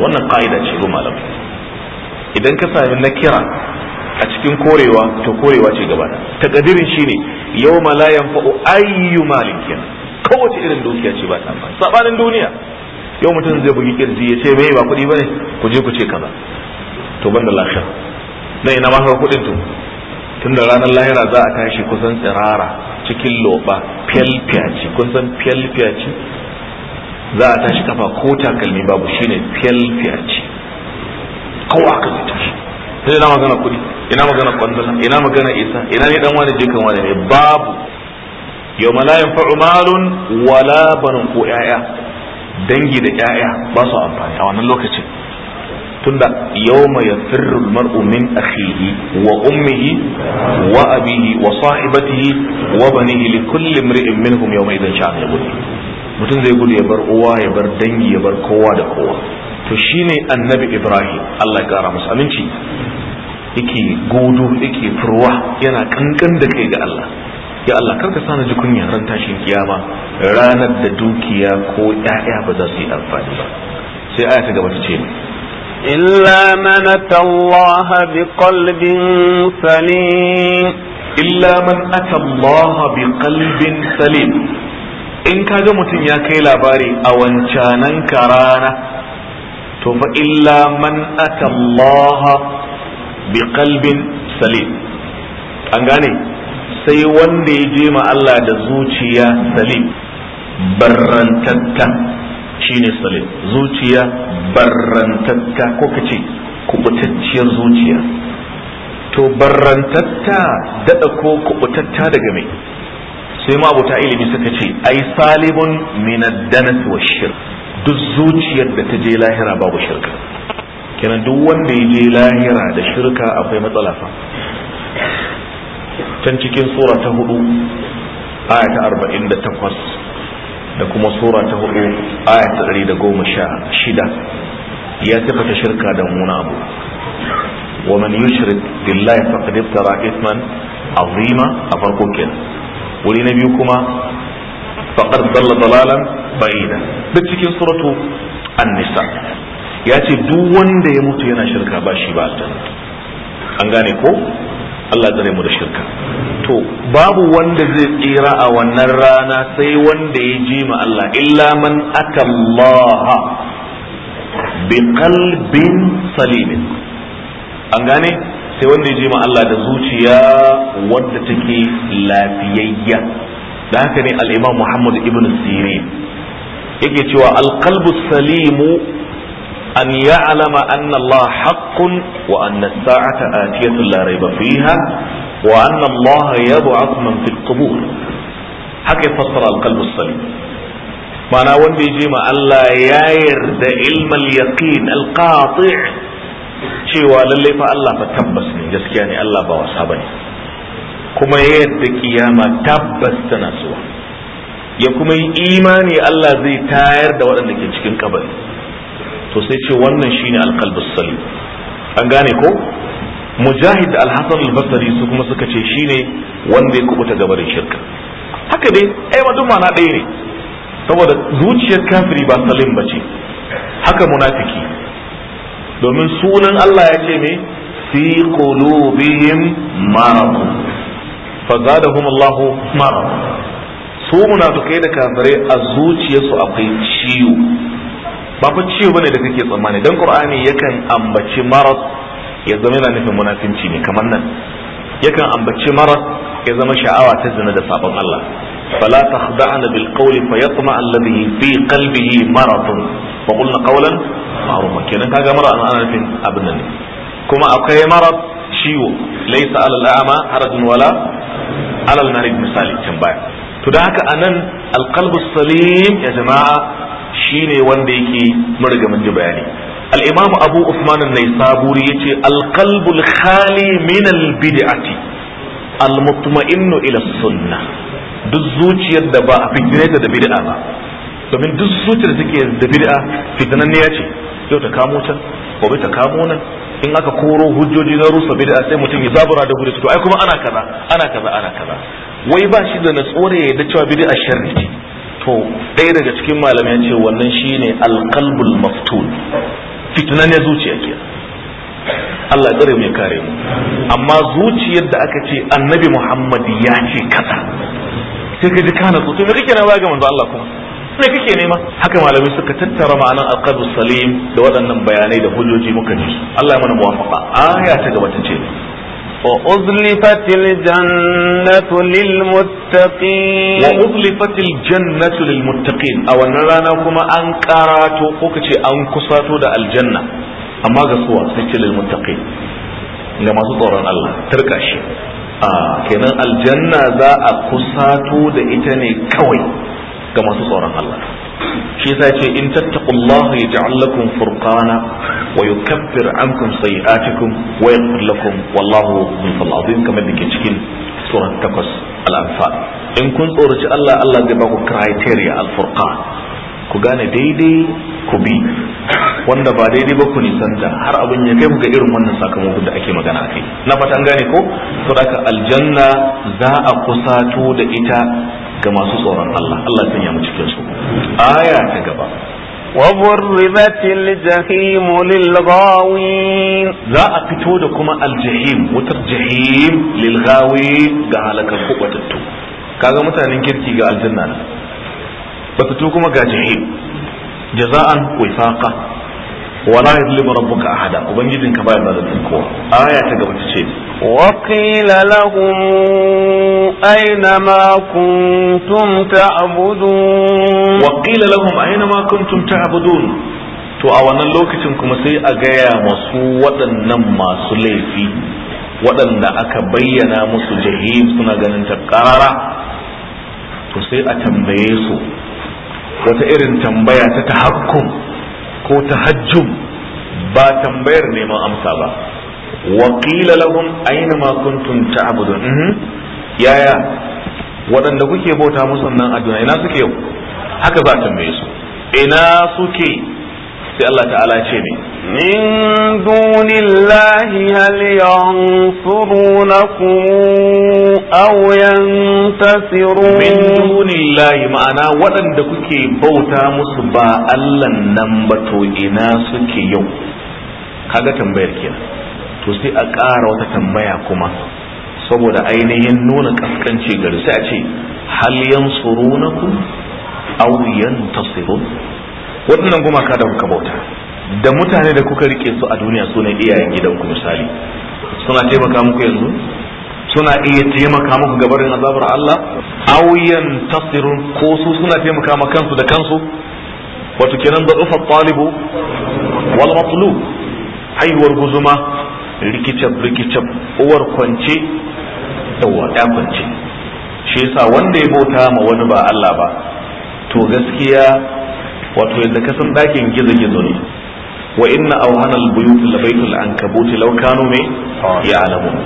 wannan ƙa'ida ce ga malam idan ka sami nakira a cikin korewa to korewa ce gaba takadirin shine ma la yanfa'u ayyu malikin kowace irin dukiya ce ba ta amfani sabanin duniya yau mutum zai bugi kirji ya ce mai ba kuɗi bane ku je ku ce kaza to ban da lafiya na ina maka kuɗin to tun da ranar lahira za a tashi kusan tsirara cikin loba fiyalfiyaci kun san fiyalfiyaci za a tashi kafa ko takalmi babu shine fiyalfiyaci kowa ka zai tashi sai ina magana kuɗi ina magana kwandala ina magana isa ina ne dan wani jikan wani ne babu yau ma la yanfa'u malun wala banun ko yaya? dangi da yaya ba su amfani a wannan lokacin tunda yawma yafirru almar'u min akhihi wa ummihi wa abihi wa sahibatihi wa banihi li kulli imri'in minhum yawma idhan sha'a yabun mutum zai gudu ya bar uwa ya bar dangi ya bar kowa da kowa to shine annabi ibrahim allah gara kara masa aminci yake godo yake furwa yana kankan da kai ga Allah ya Allah karka sana ji kunya ran tashin kiyama ranar da dukiya ko ƴaƴa ba za su yi amfani ba sai aya ta gaba ta ce illa man atallaha biqalbin salim illa man atallaha biqalbin salim in kaga mutum ya kai labari a wancanan rana. to fa illa man ata Allah bi qalbin salim an gane sai wanda ya je ma Allah da zuciya salim barrantatta shine salim zuciya barrantatta ko kace kubutacciyar zuciya to barrantatta dada ko kubutatta daga mai sai ma ta ilimi suka ce ai salimun min wa shirk duk zuciyar da ta je lahira babu shirka kenan duk wanda ya je lahira da shirka akwai matsala fa can cikin sura ta hudu aya ta arba'in da takwas da kuma sura ta hudu aya ta ɗari da goma sha shida ya tafata shirka da muna abu wa man yushrik billahi faqad iftara ithman azima a farko kenan wuri na biyu kuma faqad dalla dalalan ba'ida duk cikin suratu an ya ce duk wanda ya mutu yana shirka ba ba aljanna an gane ko Allah tsare mu da shirka to babu wanda zai tsira a wannan rana sai wanda ya ji Allah illa man atallaha bi qalbin salimin an gane sai wanda ya ji ma Allah da zuciya wadda take lafiyayya da haka ne alimam muhammad ibn sirin yake cewa al salimu an ya'lama anna Allah haqqun wa anna as-sa'ata la rayba fiha wa anna Allah yab'ath man fil qubur haka ya fassara al-qalbu salim ma'ana wanda ya je ma Allah ya yarda ilmal yaqin al cewa lallai fa Allah fa tabbas ne gaskiya ne Allah ba wasa ne kuma ya yadda kiyama tabbas tana zuwa ya kuma yi imani Allah zai tayar da waɗanda ke cikin kabari to sai ce wannan shine alqalbus salim an gane ko mujahid al-hasan al-basri su kuma suka ce shine wanda ya kubuta gabarin shirka haka dai ai wajen na ɗaya ne saboda zuciyar kafiri ba salim ce, haka munafiki domin sunan Allah ya ce me fi qulubihim marad fazadahum Allahu mara su munafikai da kafirai a zuciyarsu akwai ciwo ba fa ciwo bane da kake tsammani dan qur'ani yakan ambaci maras ya zama yana nufin munafinci ne kamar nan yakan ambaci maras ya zama sha'awa ta zina da sabon Allah فلا fa بالقول فيطمع الذي في قلبه مرض وقلنا قولا معروفا kenan kaga mara ana nufin abin nan ne kuma akwai marar ciwo laisa alal a'ma harajun wala alal marid misali baya to da haka anan alqalbu salim ya jama'a shine wanda yake mun mun bayani al-imamu abu usman an-naisaburi yace alqalbu al-khali min al-bid'ati al-mutma'innu ila sunna. duk zuciyar da ba a fitineta da bid'a ba domin duk zuciyar da take da bid'a ya ce yau ta kamo can gobe ta kamo nan in aka koro hujjoji na rusa da sai mutum ya zabura da gudu to ai kuma ana kaza ana kaza ana kaza wai ba shi da natsore ya da cewa bid'a sharri ce to ɗaya daga cikin malamai ce wannan shine alqalbul maftun fitna ne zuciya ke Allah tsare ya kare mu amma zuciyar da aka ce annabi Muhammad ya ce kaza sai ka ji kana to me kake na ga manzo Allah kuma me kake nema haka malamai suka tattara ma'anar alqalbu salim da waɗannan bayanai da hujjoji muka ji Allah ya mana muwafaqa aya ta gaba ta ce وأزلفت الجنة للمتقين وأزلفت الجنة للمتقين أو أن رانا كما أنكراتو كوكتي أنكساتو دا الجنة أما قصوا سيكي للمتقين لما تطوران الله تركاشي آه كنا الجنة ذا أكساتو دا إتني كوي ga masu tsoron Allah shi yasa ce in tattaqullaha yaj'al lakum furqana wa yukaffir ankum sayi'atikum wa yaghfir lakum wallahu ghafurur azim kamar dake cikin sura takwas al-anfal in kun tsoraci Allah Allah zai baku criteria al-furqan ku gane daidai ku bi wanda ba daidai ba ku nisanta har abin ya kai ku ga irin wannan sakamakon da ake magana kai na fata an gane ko to aljanna za a kusato da ita ga masu tsoron Allah Allah ya sanya mu cikin su aya ta gaba وبرزت الجحيم للغاوين za a fito da kuma aljahim wutar jahim lilgawi ga halakar kubatattu kaga mutanen kirki ga aljanna ba fito kuma ga jahim jaza'an wifaqa ولا يظلم ربك أحدا وبنجدن كبائر هذا الكوة آية تقبل وقيل لهم أين ما كنتم تعبدون وقيل لهم أين ما كنتم تعبدون to a wannan lokacin kuma sai a gaya masu waɗannan masu laifi waɗanda aka bayyana musu jahim suna ganin ta ƙarara to sai a tambaye su wata irin tambaya ta tahakkum ko hajjum ba tambayar neman amsa ba waƙila qila lahum aina ma kuntum ta'budun mhm. yaya waɗanda kuke bauta musu nan a duniya ina suke yau haka za a tambaye su ina suke sai Allah ta'ala ce ne من دون الله هل ينصرونكم أو ينتصرون من دون الله معنا ولن دكوكي بوتا مصبا ألا نمبتو إنا سكي kaga tambayar kenan to sai a ƙara wata tambaya kuma saboda ainihin nuna kaskanci gari sai a ce hal yansurunakum aw yantasirun waɗannan gumaka da kuka bauta da mutane da kuka rike su a duniya su iyayen gidanku misali suna taimaka muku yanzu suna iya taimaka muku gabarin azabar Allah auyan tasirun ko su suna taimaka ma kansu da kansu wato kenan da ufa talibu wal matlu haihuwar guzuma rikicab rikicab uwar kwance yawa ya kwance shi yasa wanda ya bauta ma wani ba Allah ba to gaskiya wato yadda kasan dakin gizo gizo ne wa inna awhana al-buyut labaytul ankabut law kanu me ya'lamun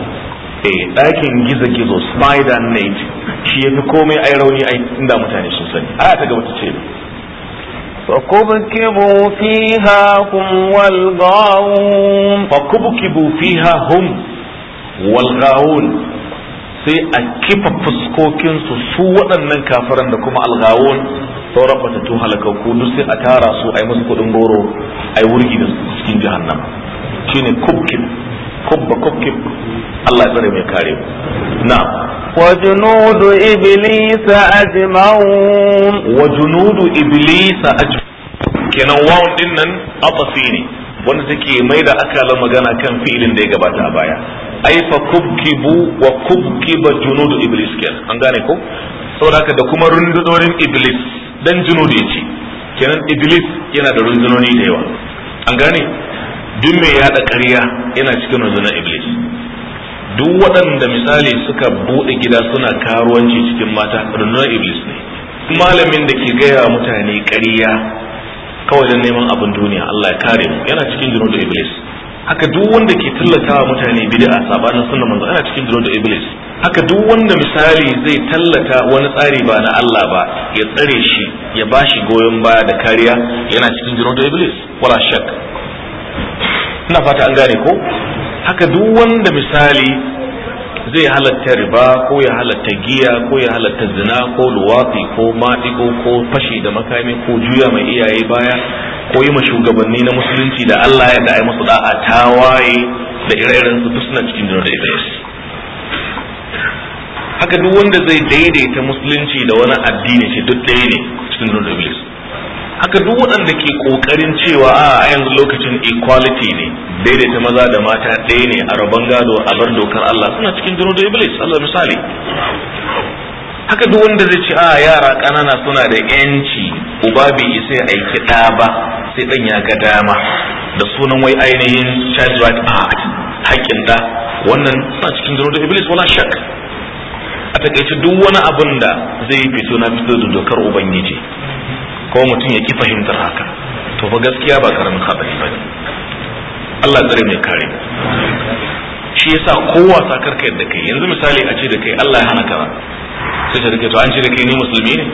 eh dakin gizo gizo spider net shi yafi komai ai rauni ai inda mutane sun sani aya ta gaba ta ce فكبكبوا فيها هم والغاوون فكبكبوا فيها هم والغاوون sai a kifa fuskokinsu su waɗannan kafiran da kuma alghawun sauran batattun halakakku duk sai a tara su a yi musu kudin goro a yi wurgi da cikin shi ne kubkib kubba kubkib Allah ya tsare mai kare na'am وجنود إبليس أجمعون وجنود إبليس أجمعون kenan wawon din nan atasi ne wanda take mai da akalan magana kan filin da ya gabata a baya ai fa kubkibu wa kubkiba junudu iblis kenan an gane ko saboda haka da kuma rundunorin iblis dan junudi ce kenan iblis yana da runzunoni da yawa an gane duk mai yada ƙarya yana cikin runzunan iblis duk waɗanda misali suka buɗe gida suna karuwanci cikin mata runzunan iblis ne malamin da ke gaya wa mutane ƙarya kawai don neman abin duniya Allah ya kare mu yana cikin da iblis haka duk wanda ke tallata wa mutane bid'a sabanin sunnar manzo ana cikin duro da iblis haka duk wanda misali zai tallata wani tsari ba na Allah ba ya tsare shi ya bashi goyon baya da kariya yana cikin duro da iblis wala shak ina fata an gane ko haka duk wanda misali zai halatta riba ko ya halatta giya ko ya halatta zina ko luwafi ko maɗigo ko fashi da makami ko juya mai iyaye baya ko yi ma shugabanni na musulunci da Allah ya da'ai masu da'a tawaye da ire-iren su suna cikin jinar da Iblis haka duk wanda zai daidaita musulunci da wani addini shi duk ɗaya ne cikin jinar da Iblis haka duk waɗanda ke ƙoƙarin cewa a yanzu lokacin equality ne daidaita maza da mata ɗaya ne a rabon gado a bar dokar Allah suna cikin jirgin da iblis Allah misali haka duk wanda zai ce a yara ƙanana suna da yanci uba bai isa ya aiki ɗa ba sai ɗan ya ga dama da sunan wai ainihin child right a haƙƙin ɗa wannan suna cikin jirgin da iblis wala shak a takaice duk wani abin da zai fito na fito da dokar ubangiji ko mutum ya ki fahimtar haka to fa gaskiya ba karamin haɗari ba ne Allah tsare mai kare shi yasa kowa ta karka yadda kai yanzu misali a ce da kai Allah ya hana ka sai ta rike to an ce da kai ni musulmi ne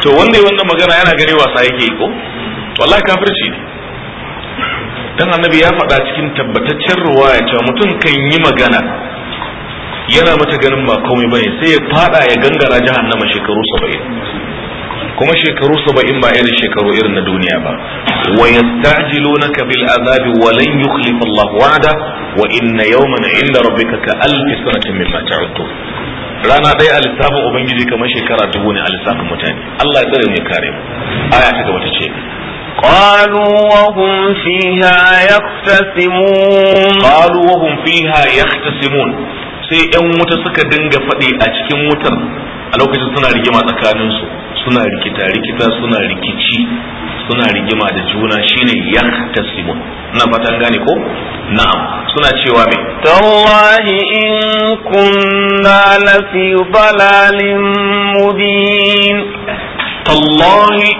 to wanda ya wannan magana yana gare wasa yake yi ko to Allah kafirci ne dan annabi ya faɗa cikin tabbataccen ruwaya cewa mutum kan yi magana yana mata ganin ba komai bane sai ya faɗa ya gangara jahannama shekaru 70 kuma shekaru saba'in ba irin shekaru irin na duniya ba wa yastajilunaka bil azabi wa lan yukhlifa Allah wa'ada wa inna yawman 'inda rabbika ka alfi sanatin mimma ta'uddu rana ɗaya a lissafin ubangiji kamar shekara dubu ne a lissafin mutane Allah ya tsare mu ya kare mu aya ta gaba ta ce قالوا وهم فيها يختصمون قالوا وهم فيها يختصمون sai 'yan wuta suka dinga faɗi a cikin wutar a lokacin suna rigima tsakaninsu suna rikita rikita suna rikici suna rigima da juna shine tasimu na fatan gane ko na'am suna cewa me tallahi in kunna fi dalalin mubin tallahi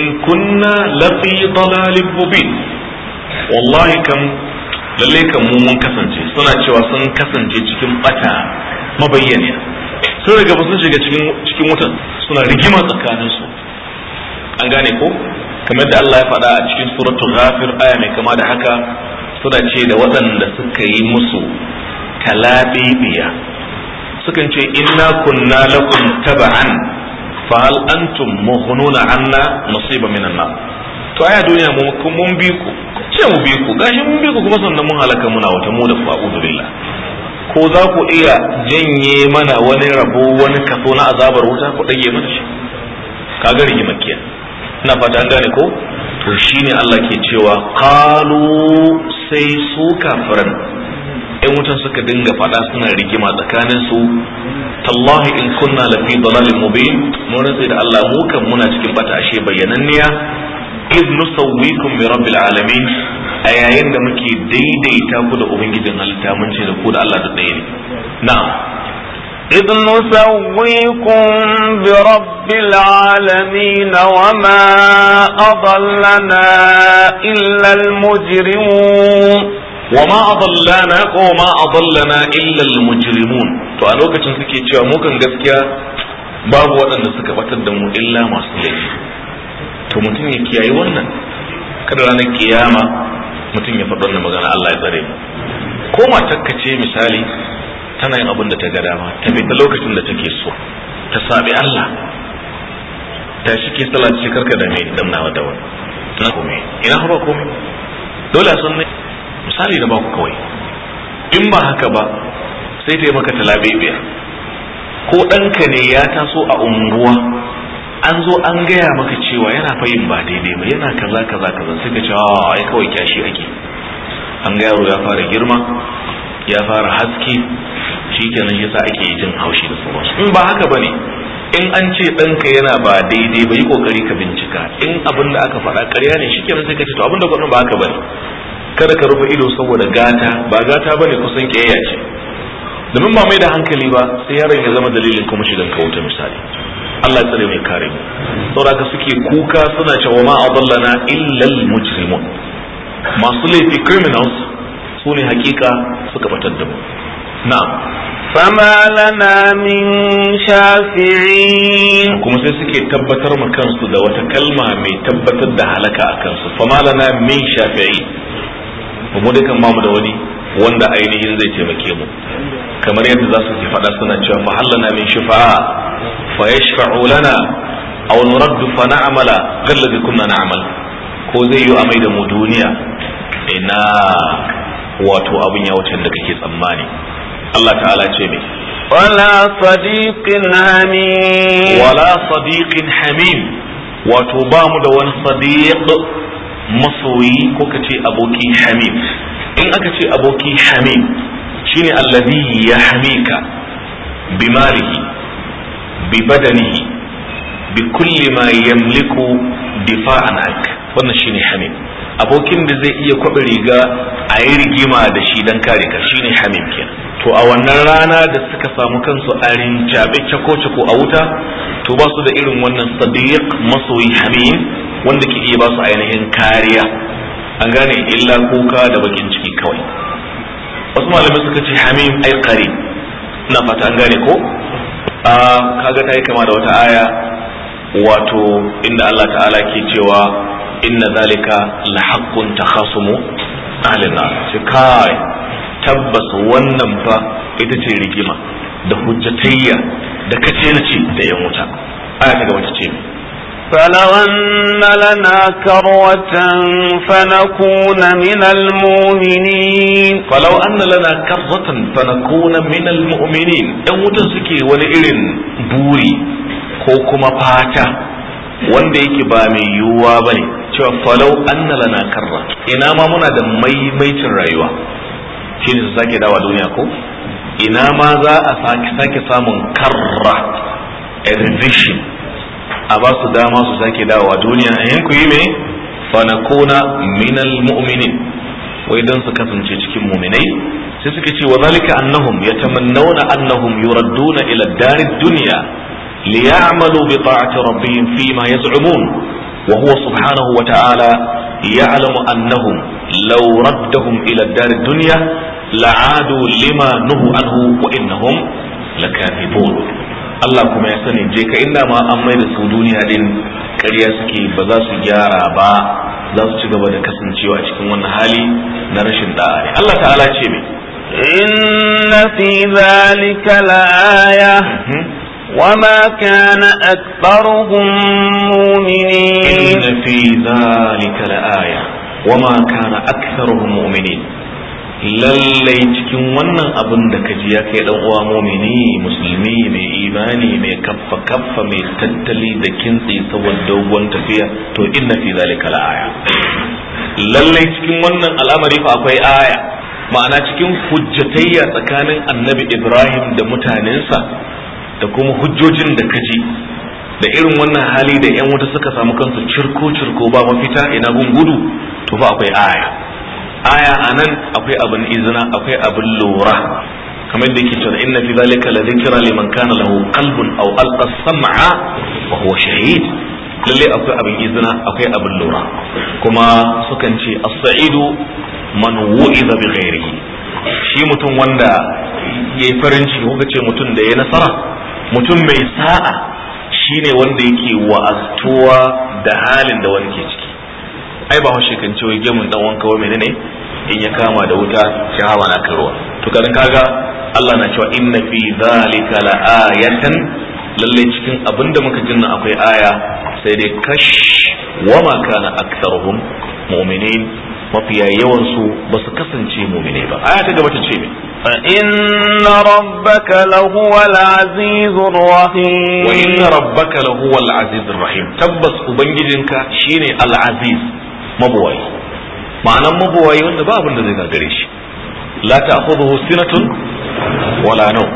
in kunna fi dalalin mubin wallahi kam lalle kan mu mun kasance suna cewa sun kasance cikin bata mabayyana sun riga ba sun shiga cikin wutan suna rigima tsakanin su an gane ko kamar da Allah ya faɗa a cikin suratul ghafir aya mai kama da haka suna ce da waɗanda suka yi musu kalabibiya sukan ce inna kunna lakum taba'an fa hal antum muhununa anna nasiba minan nar to aya duniya mu mun bi ku ce mu bi ku gashi mun bi ku kuma sannan mun halaka muna wata mu da fa'udu billah ko za ku iya janye mana wani rabo wani kaso na azabar wuta ku ɗage mana shi kaga rigimar makiya ina fata gane ko to shine Allah ke cewa kalu sai su kafiran ɗan wutan suka dinga faɗa suna rigima tsakanin su tallahi in kunna lafi dalalin mubin mun rantsa da Allah mu muna cikin bata ashe bayyananniya iz nusawwikum bi rabbil alamin a yayin da muke daidaita ku da ubangijin halitta mun ce da ku da Allah da ɗaya ne na'am ma نسويكم برب العالمين وما أضلنا إلا المجرمون ko ma وما أضلنا إلا المجرمون to a lokacin suke cewa mu kan gaskiya babu waɗanda suka batar da mu illa masu laifi to mutum ya kiyayi wannan kada ranar kiyama mutum ya faɗo wannan magana Allah ya tsare mu ko matarka ce misali tana yin abin da ta ga dama ta bi lokacin da take so ta sami Allah ta shi ke sallah ce karka da mai nawa da wani na kome ina ba kome dole sun ne misali na baku kawai in ba haka ba sai ta yi maka talabibiya ko ɗanka ne ya taso a unguwa an zo an gaya maka cewa yana fayin ba daidai ba yana kaza kaza kaza sai ka ce a ah, ai kawai kyashi ake an ga yaro ya fara girma ya fara haske shikenan yasa ake jin haushi da sauransu in ba haka bane in an ce ɗanka yana ba daidai ba yi kokari ka bincika in abin da aka faɗa ƙarya ne shikenan sai ka ce to abin da gwamnati ba haka bane kada ka rufe ido saboda gata ba gata bane kusan kiyayya ce domin ba mai da hankali ba sai yaron ya zama dalilin kuma shi shigan kawo ta misali Allah ya tsare mai kare mu saboda suke kuka suna cewa ma adallana illal mujrimun masu laifi criminals su ne hakika suka batar da mu na'am fama lana min shafi'in kuma sai suke tabbatar ma kansu da wata kalma mai tabbatar da halaka a kansu fama lana min shafi'in mu da kan mamu da wani wanda ainihin zai taimake mu kamar yadda za su ke faɗa suna cewa mahallana min shifa'a fa yashfa'u lana aw nuraddu fa na'mala ghayra alladhi kunna na'mal ko zai yi amai da mu duniya ina wato abin ya wuce da kake tsammani Allah ta'ala ce mai wala sadiqin hamim wala sadiqin hamim wato ba mu da wani sadiq masoyi ko kace aboki hamim in aka ce aboki hamim shine allazi ya hamika bi malihi bi badanihi bi kulli ma yamliku difa'an ak wannan shine hamim abokin da zai iya kwabe riga a yi rigima da shi dan kare ka shine hamim kenan to a wannan rana da suka samu kansu a rinjabe cako cako a wuta to ba su da irin wannan sadiq masoyi hamim wanda ke iya ba su ainihin kariya an gane illa kuka da bakin ciki kawai wasu malamai suka ce hamim ai kare na fata an gane ko a ah, kaga ta yi kama da wata aya wato inda Allah ta'ala ke cewa inna zalika la haqqun takhasumu ahlin nar shi kai tabbas wannan fa ita ce rigima da hujjatayya da kace na ce da yan wuta aya ta gaba ta ce فلو أن لنا كروة فنكون من المؤمنين فلو أن لنا كروة فنكون من المؤمنين أن وتسكي ولئرن بوري كوكما باتا wanda yake ba mai yiwuwa ba ne cewa falau anna lana karra ina ma muna da maimaicin rayuwa shi ne su sake duniya ko ina ma za a sake samun karra a a ba su dama su sake dawowa duniya in eh, ku yi me fa minal mu'minin wai dan su kasance cikin mu'minai sai suka ce wa zalika annahum yatamannawna annahum yuradduna ila dar ad-dunya liya'malu bi ta'ati rabbihim fima yaz'umun wa huwa subhanahu wa ta'ala ya'lamu annahum law raddahum ila dar dunya la'adu lima nuhu anhu wa innahum lakathibun Allah kuma ya sani je ka inda ma an mai da su duniya din ƙarya suke ba za su gyara ba za su ci gaba da kasancewa cikin wannan hali na rashin da'a ne Allah ta'ala ce ne. inna fi zalika la'aya وما كان أكثرهم مؤمنين إن في ذلك لآية وما كان أكثرهم مؤمنين lallai cikin wannan abin da ka ji ya kai dan uwa mumini musulmi mai imani mai kaffa kaffa mai tattali da kintsi saboda dogon tafiya to inna fi zalika aya. lallai cikin wannan al'amari fa akwai aya ma'ana cikin hujjatayya tsakanin annabi Ibrahim da mutanensa da kuma hujjojin da kaji da irin wannan hali da yan wata suka samu kansu cirko cirko ba mafita ina gungudu to fa akwai aya aya anan akwai abin izina akwai abin lura kamar da yake cewa inna fi zalika la dhikra liman kana lahu qalbun aw alqa sam'a wa huwa shahid lalle akwai abin izina akwai abin lura kuma sukan ce as-sa'idu man wu'iza bi ghairihi shi mutum wanda yayi farin ciki ko ce mutum da ya nasara mutum mai sa'a shine wanda yake wa'aztuwa da halin da wani ke ciki ai ba haushe kan cewa gemun dan wanka wa menene in ya kama da wuta shahawa na karuwa to kan kaga Allah na cewa inna fi zalika la ayatan lalle cikin abinda muka jinna akwai aya sai dai kash wama kana aktharuhum mu'minin mafiya yawan su ba su kasance mu'mine ba aya ta gaba ta ce me fa inna rabbaka lahuwal azizur rahim wa inna rabbaka lahuwal azizur rahim tabbas ubangijinka shine al'aziz. mabuwayi ma'anan mabuwayi wanda ba abin da zai gagare shi la ta'khudhuhu sinatun wala nawm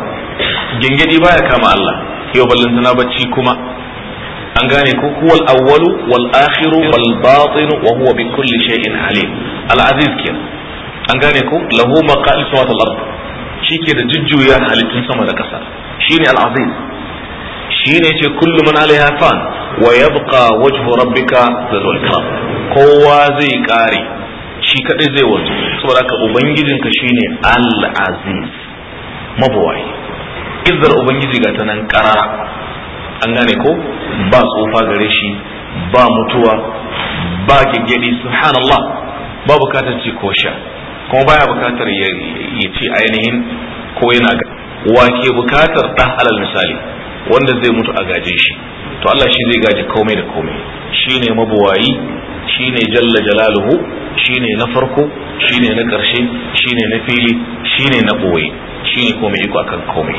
gingidi baya kama Allah yau ballin sana bacci kuma an gane ko huwal awwalu wal akhiru wal batin wa huwa bi kulli shay'in alim al aziz kin an gane ko lahu maqalis samawati wal ard shike da jujjuya halittun sama da kasa shine al aziz shine yace kullu man alaiha fan wa yabqa wajhu rabbika dhul ikram kowa zai kare shi kadai zai wanzu saboda ka ubangijinka shine al-aziz mabawai izzar ubangiji ga ta nan karara an gane ko ba tsofa gare shi ba mutuwa ba gaggadi subhanallah ba bukatar ci sha kuma baya bukatar ya ci ainihin ko yana ga wake bukatar ɗan alal misali wanda zai mutu a gaje shi to Allah shi zai gaji komai da komai shine mabuwayi shine jalla jalaluhu shine na farko shine na ƙarshe shine na fili shine na boye shine komai iko akan komai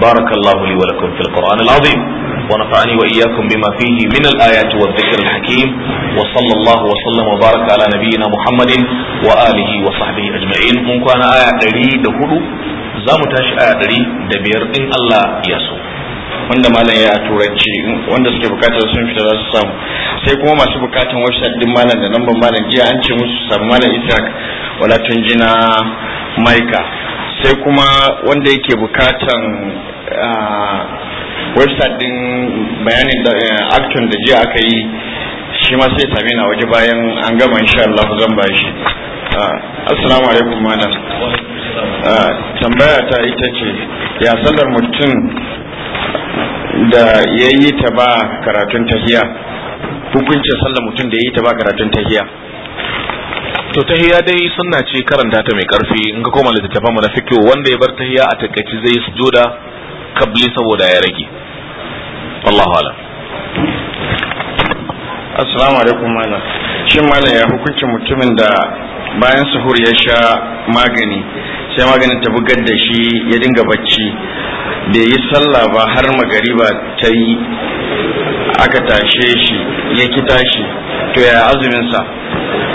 barakallahu li wa lakum fil qur'an al azim wa nafa'ani wa iyyakum bima fihi min al ayati wa dhikr al hakim wa sallallahu wa sallama wa baraka ala nabiyyina muhammadin wa alihi wa sahbihi ajma'in mun kwana aya 104 za mu tashi aya 105 in Allah ya so wanda malam ya a turanci wanda suke bukatar sun fita za su samu sai kuma masu bukatan website din malam da lambar malam jiya an ce musu samu malam isaac wala jina maika sai kuma wanda yake bukatan ah, website din bayanin da eh, da jiya aka yi shi ma sai same na waje bayan an gama insha Allah zan ba shi ah, assalamu alaikum malam ah, tambaya ta ita ce ya sallar mutum da ya yi ta ba karatun tahiya hukuncin sallar mutum da ya yi ta ba karatun tahiya to tahiya dai sunna ce karanta ta mai karfi in ga koma littattafan mu na fikiyo wanda ya bar tahiya a takaici zai sujuda kabli saboda ya rage Allahu assalamu alaikum malam shin malam ya hukunci mutumin da bayan suhur ya sha magani sai maganin ta bugar da shi ya dinga bacci bai yi sallah ba har magariba ta yi aka tashe shi ya ki tashi to ya azumin sa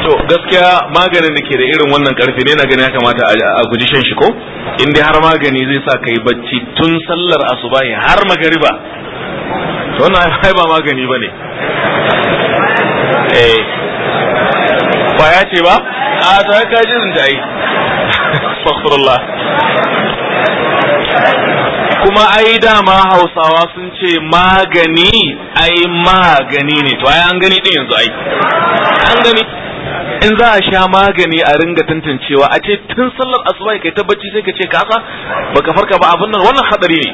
to gaskiya maganin da ke da irin wannan karfi ne na gani ya kamata a guji shan shi ko in dai har magani zai sa ka yi bacci tun sallar ne har magariba to wannan ai ba magani ba ne. Eh, ba ya ce ba a to ka ji zun yi fakhurullah kuma ai dama hausawa sun ce magani ai magani ne to ai an gani din yanzu ai an gani in za a sha magani a ringa tantancewa a ce tun sallar asuba kai ta sai ka ce kasa baka farka ba abin nan wannan hadari ne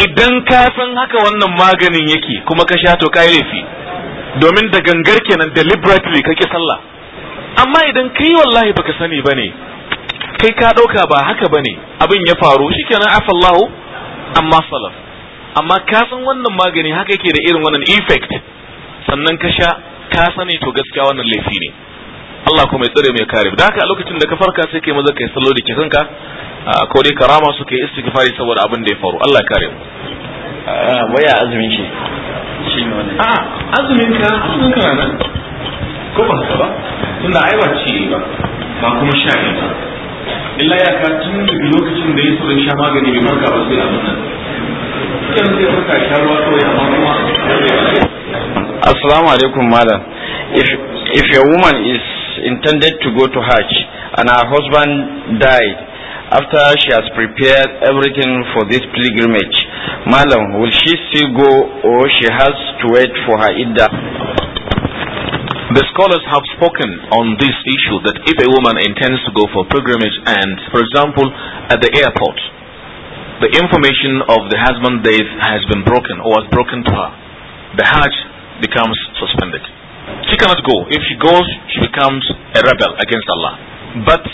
idan ka san haka wannan maganin yake kuma ka sha to kai laifi domin da gangar kenan deliberately kake sallah amma idan kai wallahi baka sani bane kai ka dauka ba haka bane abin ya faru shikenan afallahu amma salaf amma ka san wannan magani haka yake da irin wannan effect sannan ka sha ka sani to gaskiya wannan laifi ne Allah kuma ya tsare mai kare da haka a lokacin da ka farka sai kai maza kai sallo da kanka ko dai karama su kai istighfari saboda abin da ya faru Allah ya kare mu ah, waya azumin shi a azumin ka azumin ka nan ko ba ka ba tunda ai ba ci ba ba kuma sha ne ba illa ya ka tun daga lokacin da ya so da sha magani bai farka ba sai abin nan yanzu zai farka sha ruwa kawai amma kuma Assalamu alaikum madam if if a woman is intended to go to Hajj and her husband died after she has prepared everything for this pilgrimage. madam, will she still go or she has to wait for her idda? The scholars have spoken on this issue that if a woman intends to go for pilgrimage and, for example, at the airport, the information of the husband's death has been broken or was broken to her, the Hajj becomes suspended. She cannot go. If she goes, she becomes a rebel against Allah. But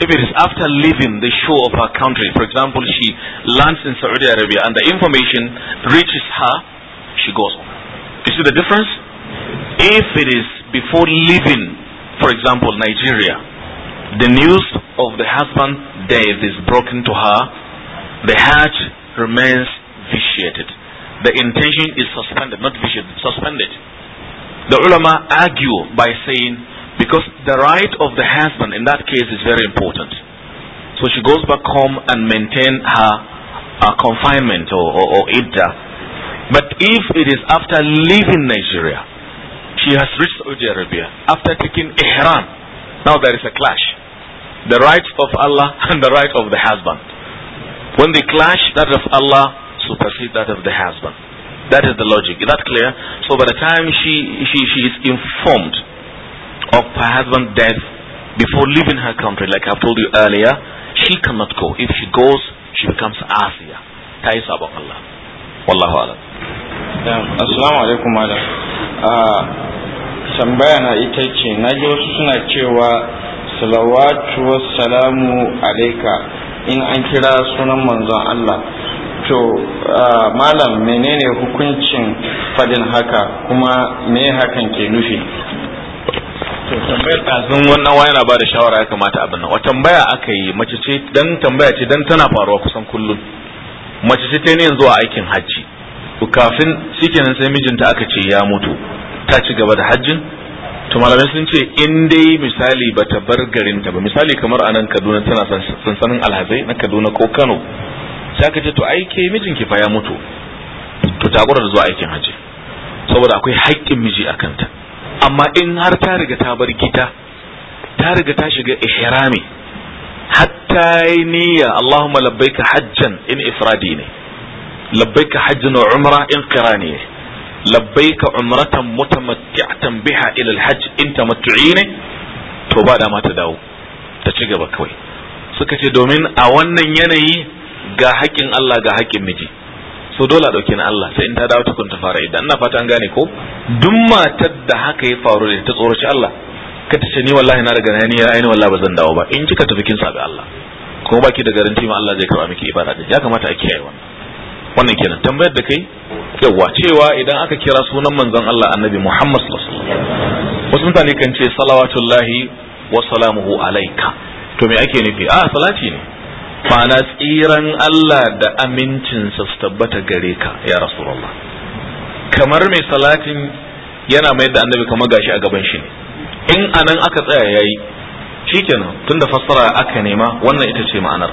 if it is after leaving the shore of her country, for example, she lands in Saudi Arabia and the information reaches her, she goes on. You see the difference? If it is before leaving, for example, Nigeria, the news of the husband death is broken to her, the heart remains vitiated. The intention is suspended, not vitiated, suspended. The ulama argue by saying because the right of the husband in that case is very important. So she goes back home and maintain her uh, confinement or, or, or idda. But if it is after leaving Nigeria, she has reached Saudi Arabia, after taking ihram, now there is a clash. The rights of Allah and the right of the husband. When they clash, that of Allah supersedes that of the husband. That is the logic. Is that clear? So by the time she, she, she is informed of her husband's death before leaving her country, like I've told you earlier, she cannot go. If she goes, she becomes Asiya. Tais about Allah. Wallahu alam. Assalamu alaikum madam. Ah, tambaya na ita ce, na ji wasu suna cewa salawatu alaika in an kira sunan manzon Allah. To, ah, malam menene hukuncin fadin haka kuma me hakan ke nufi? to tambayar ɗazun wannan wani na bada shawara ya kamata abin nan wa tambaya aka yi mace ce dan tambaya ce dan tana faruwa kusan kullum mace ce ta ne zuwa aikin hajji to kafin shikenan sai mijinta aka ce ya mutu ta ci gaba da hajjin to malamai sun ce in dai misali bata bar garinta ba misali kamar a nan Kaduna tana sansanin alhazai na Kaduna ko Kano sai ka ce to ai ke ki fa ya mutu to ta da zuwa aikin hajji saboda akwai haƙƙin miji a kanta amma in har ta riga ta bar gida ta riga ta shiga ihrami hatta yi niyya Allahumma labbaika hajjan in ifradi ne labbaika hajjan wa umra in qirani ne labbaika umratan mutamatti'atan biha ila alhajj in tamattu'i ne to ba da ta dawo ta ci gaba kawai suka ce domin a wannan yanayi ga haƙƙin Allah ga haƙƙin miji so dole a ɗauki na Allah sai in ta dawo tukun ta fara idan ina fata an gane ko duk matar da haka ya faru da ta tsoraci Allah ka ta ni wallahi na daga ni ya aini wallahi ba zan dawo ba in kika tafi kin sabi Allah kuma baki da garanti ma Allah zai karba miki ibada din ya kamata a kiyaye wannan wannan kenan tambayar da kai yawa cewa idan aka kira sunan manzon Allah annabi Muhammad sallallahu alaihi wasallam wasu mutane kan ce salawatullahi wa salamuhu alayka to me ake nufi a ah, salati ne fana tsiran Allah da amincinsa su tabbata gare ka ya rasulullah kamar mai salatin yana mai da annabi kamar gashi a gaban shi in anan aka tsaya yayi shikenan tunda fassara aka nema wannan ita ce ma'anar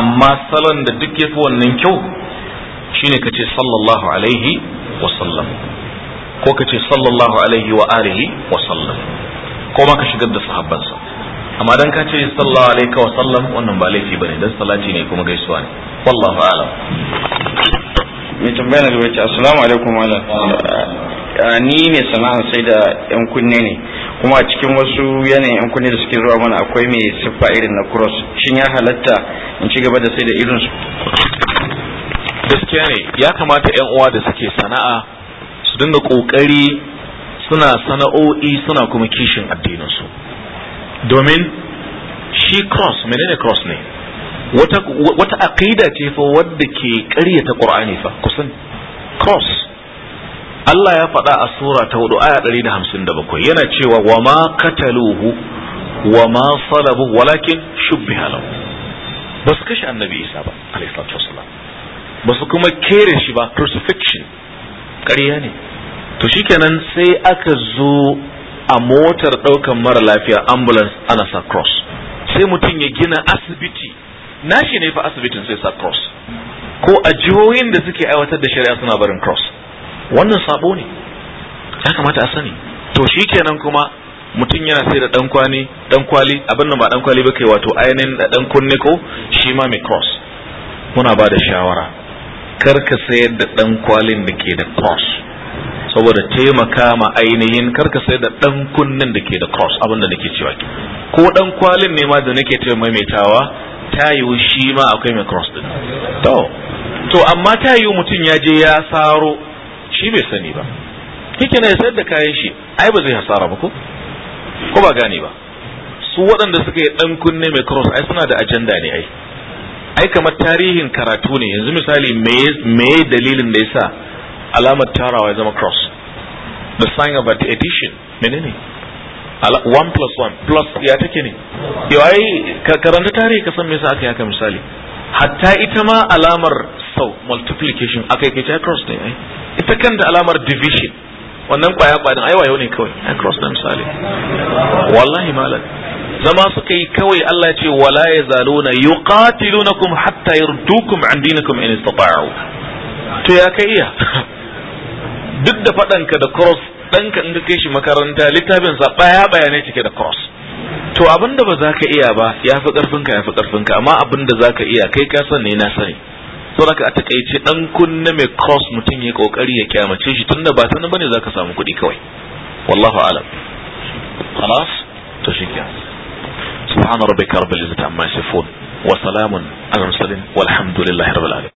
amma salon da duk yafi wannan kyau shine kace sallallahu alaihi wa sallam ko kace sallallahu alaihi wa alihi wa sallam ko ma ka shigar da sahabbansa amma dan ka ce sallallahu alaihi wa sallam wannan ba laifi bane dan salati ne kuma gaisuwa ne wallahu a'lam mai tambaya na gaba ce assalamu alaikum malam ni mai sana'a sai da yan kunne ne kuma a cikin wasu yanayin yan kunne da suke zuwa mana akwai mai siffa irin na cross shin ya halatta in ci gaba da sai da irin su gaskiya ne ya kamata yan uwa da suke sana'a su dinga kokari suna sana'o'i suna kuma kishin addininsu domin shi cross menene cross ne wata aqida ce fa wadda ke ƙaryata qur'ani fa kusan cross Allah ya faɗa a sura ta hudu aya 157 yana cewa wa ma qataluhu wa ma salabu walakin shubbiha lahu ba su kashe annabi Isa ba alayhi salatu wasalam ba su kuma kere shi ba crucifixion ƙarya ne to shikenan sai aka zo a motar ɗaukan mara lafiya ambulance ana sa cross sai mutum ya gina asibiti Na shi ne fa asibitin sai sa cross ko a jihohin da suke aiwatar da shari'a suna barin cross wannan sabo ne ya kamata a sani to shikenan kuma mutum yana sai da dan kwani dan kwali abin nan ba dan kwali ba wato ainihin da dan kunne ko shi ma mai cross muna ba da shawara kar ka sayar da dan kwalin da ke da cross saboda taimaka ma ainihin karka sai da dan kunnen da ke da cross abinda nake cewa ki ko dan kwalin ne ma da nake ta maimaitawa ta yiwu shi ma akwai mai cross din to to amma ta yiwu mutum ya je ya saro shi bai sani ba kike ne sayar da kayan shi ai ba zai hasara ba ko ko ba gane ba su waɗanda suka yi dan kunne mai cross ai suna da ajanda ne ai ai kamar tarihin karatu ne yanzu misali me dalilin da yasa alamar tarawa ya zama cross the sign of addition menene one plus one plus ya take ne yawai karanta tarihi ka san me yasa aka yi haka misali hatta ita ma alamar sau multiplication aka yi ta cross ne ai ita kanta alamar division wannan kwaya kwaya ai wayo ne kawai ai cross na misali wallahi malam zama suka yi kawai Allah ya ce wala yazaluna yuqatilunakum hatta yardukum an dinikum in istata'u to ya kai iya duk da faɗanka da cross ɗanka in ka kai shi makaranta littafin sa baya bayanai cike da cross to abin da ba za ka iya ba ya fi ƙarfinka ya fi ƙarfinka amma abin da za ka iya kai ka ne na sani saboda a takaice ɗan kunne mai cross mutum ya kokari ya kyamace shi tunda ba ta bane za ka samu kuɗi kawai wallahu alam خلاص تشكر سبحان ربك رب العزة عما يصفون وسلام على المرسلين والحمد لله رب العالمين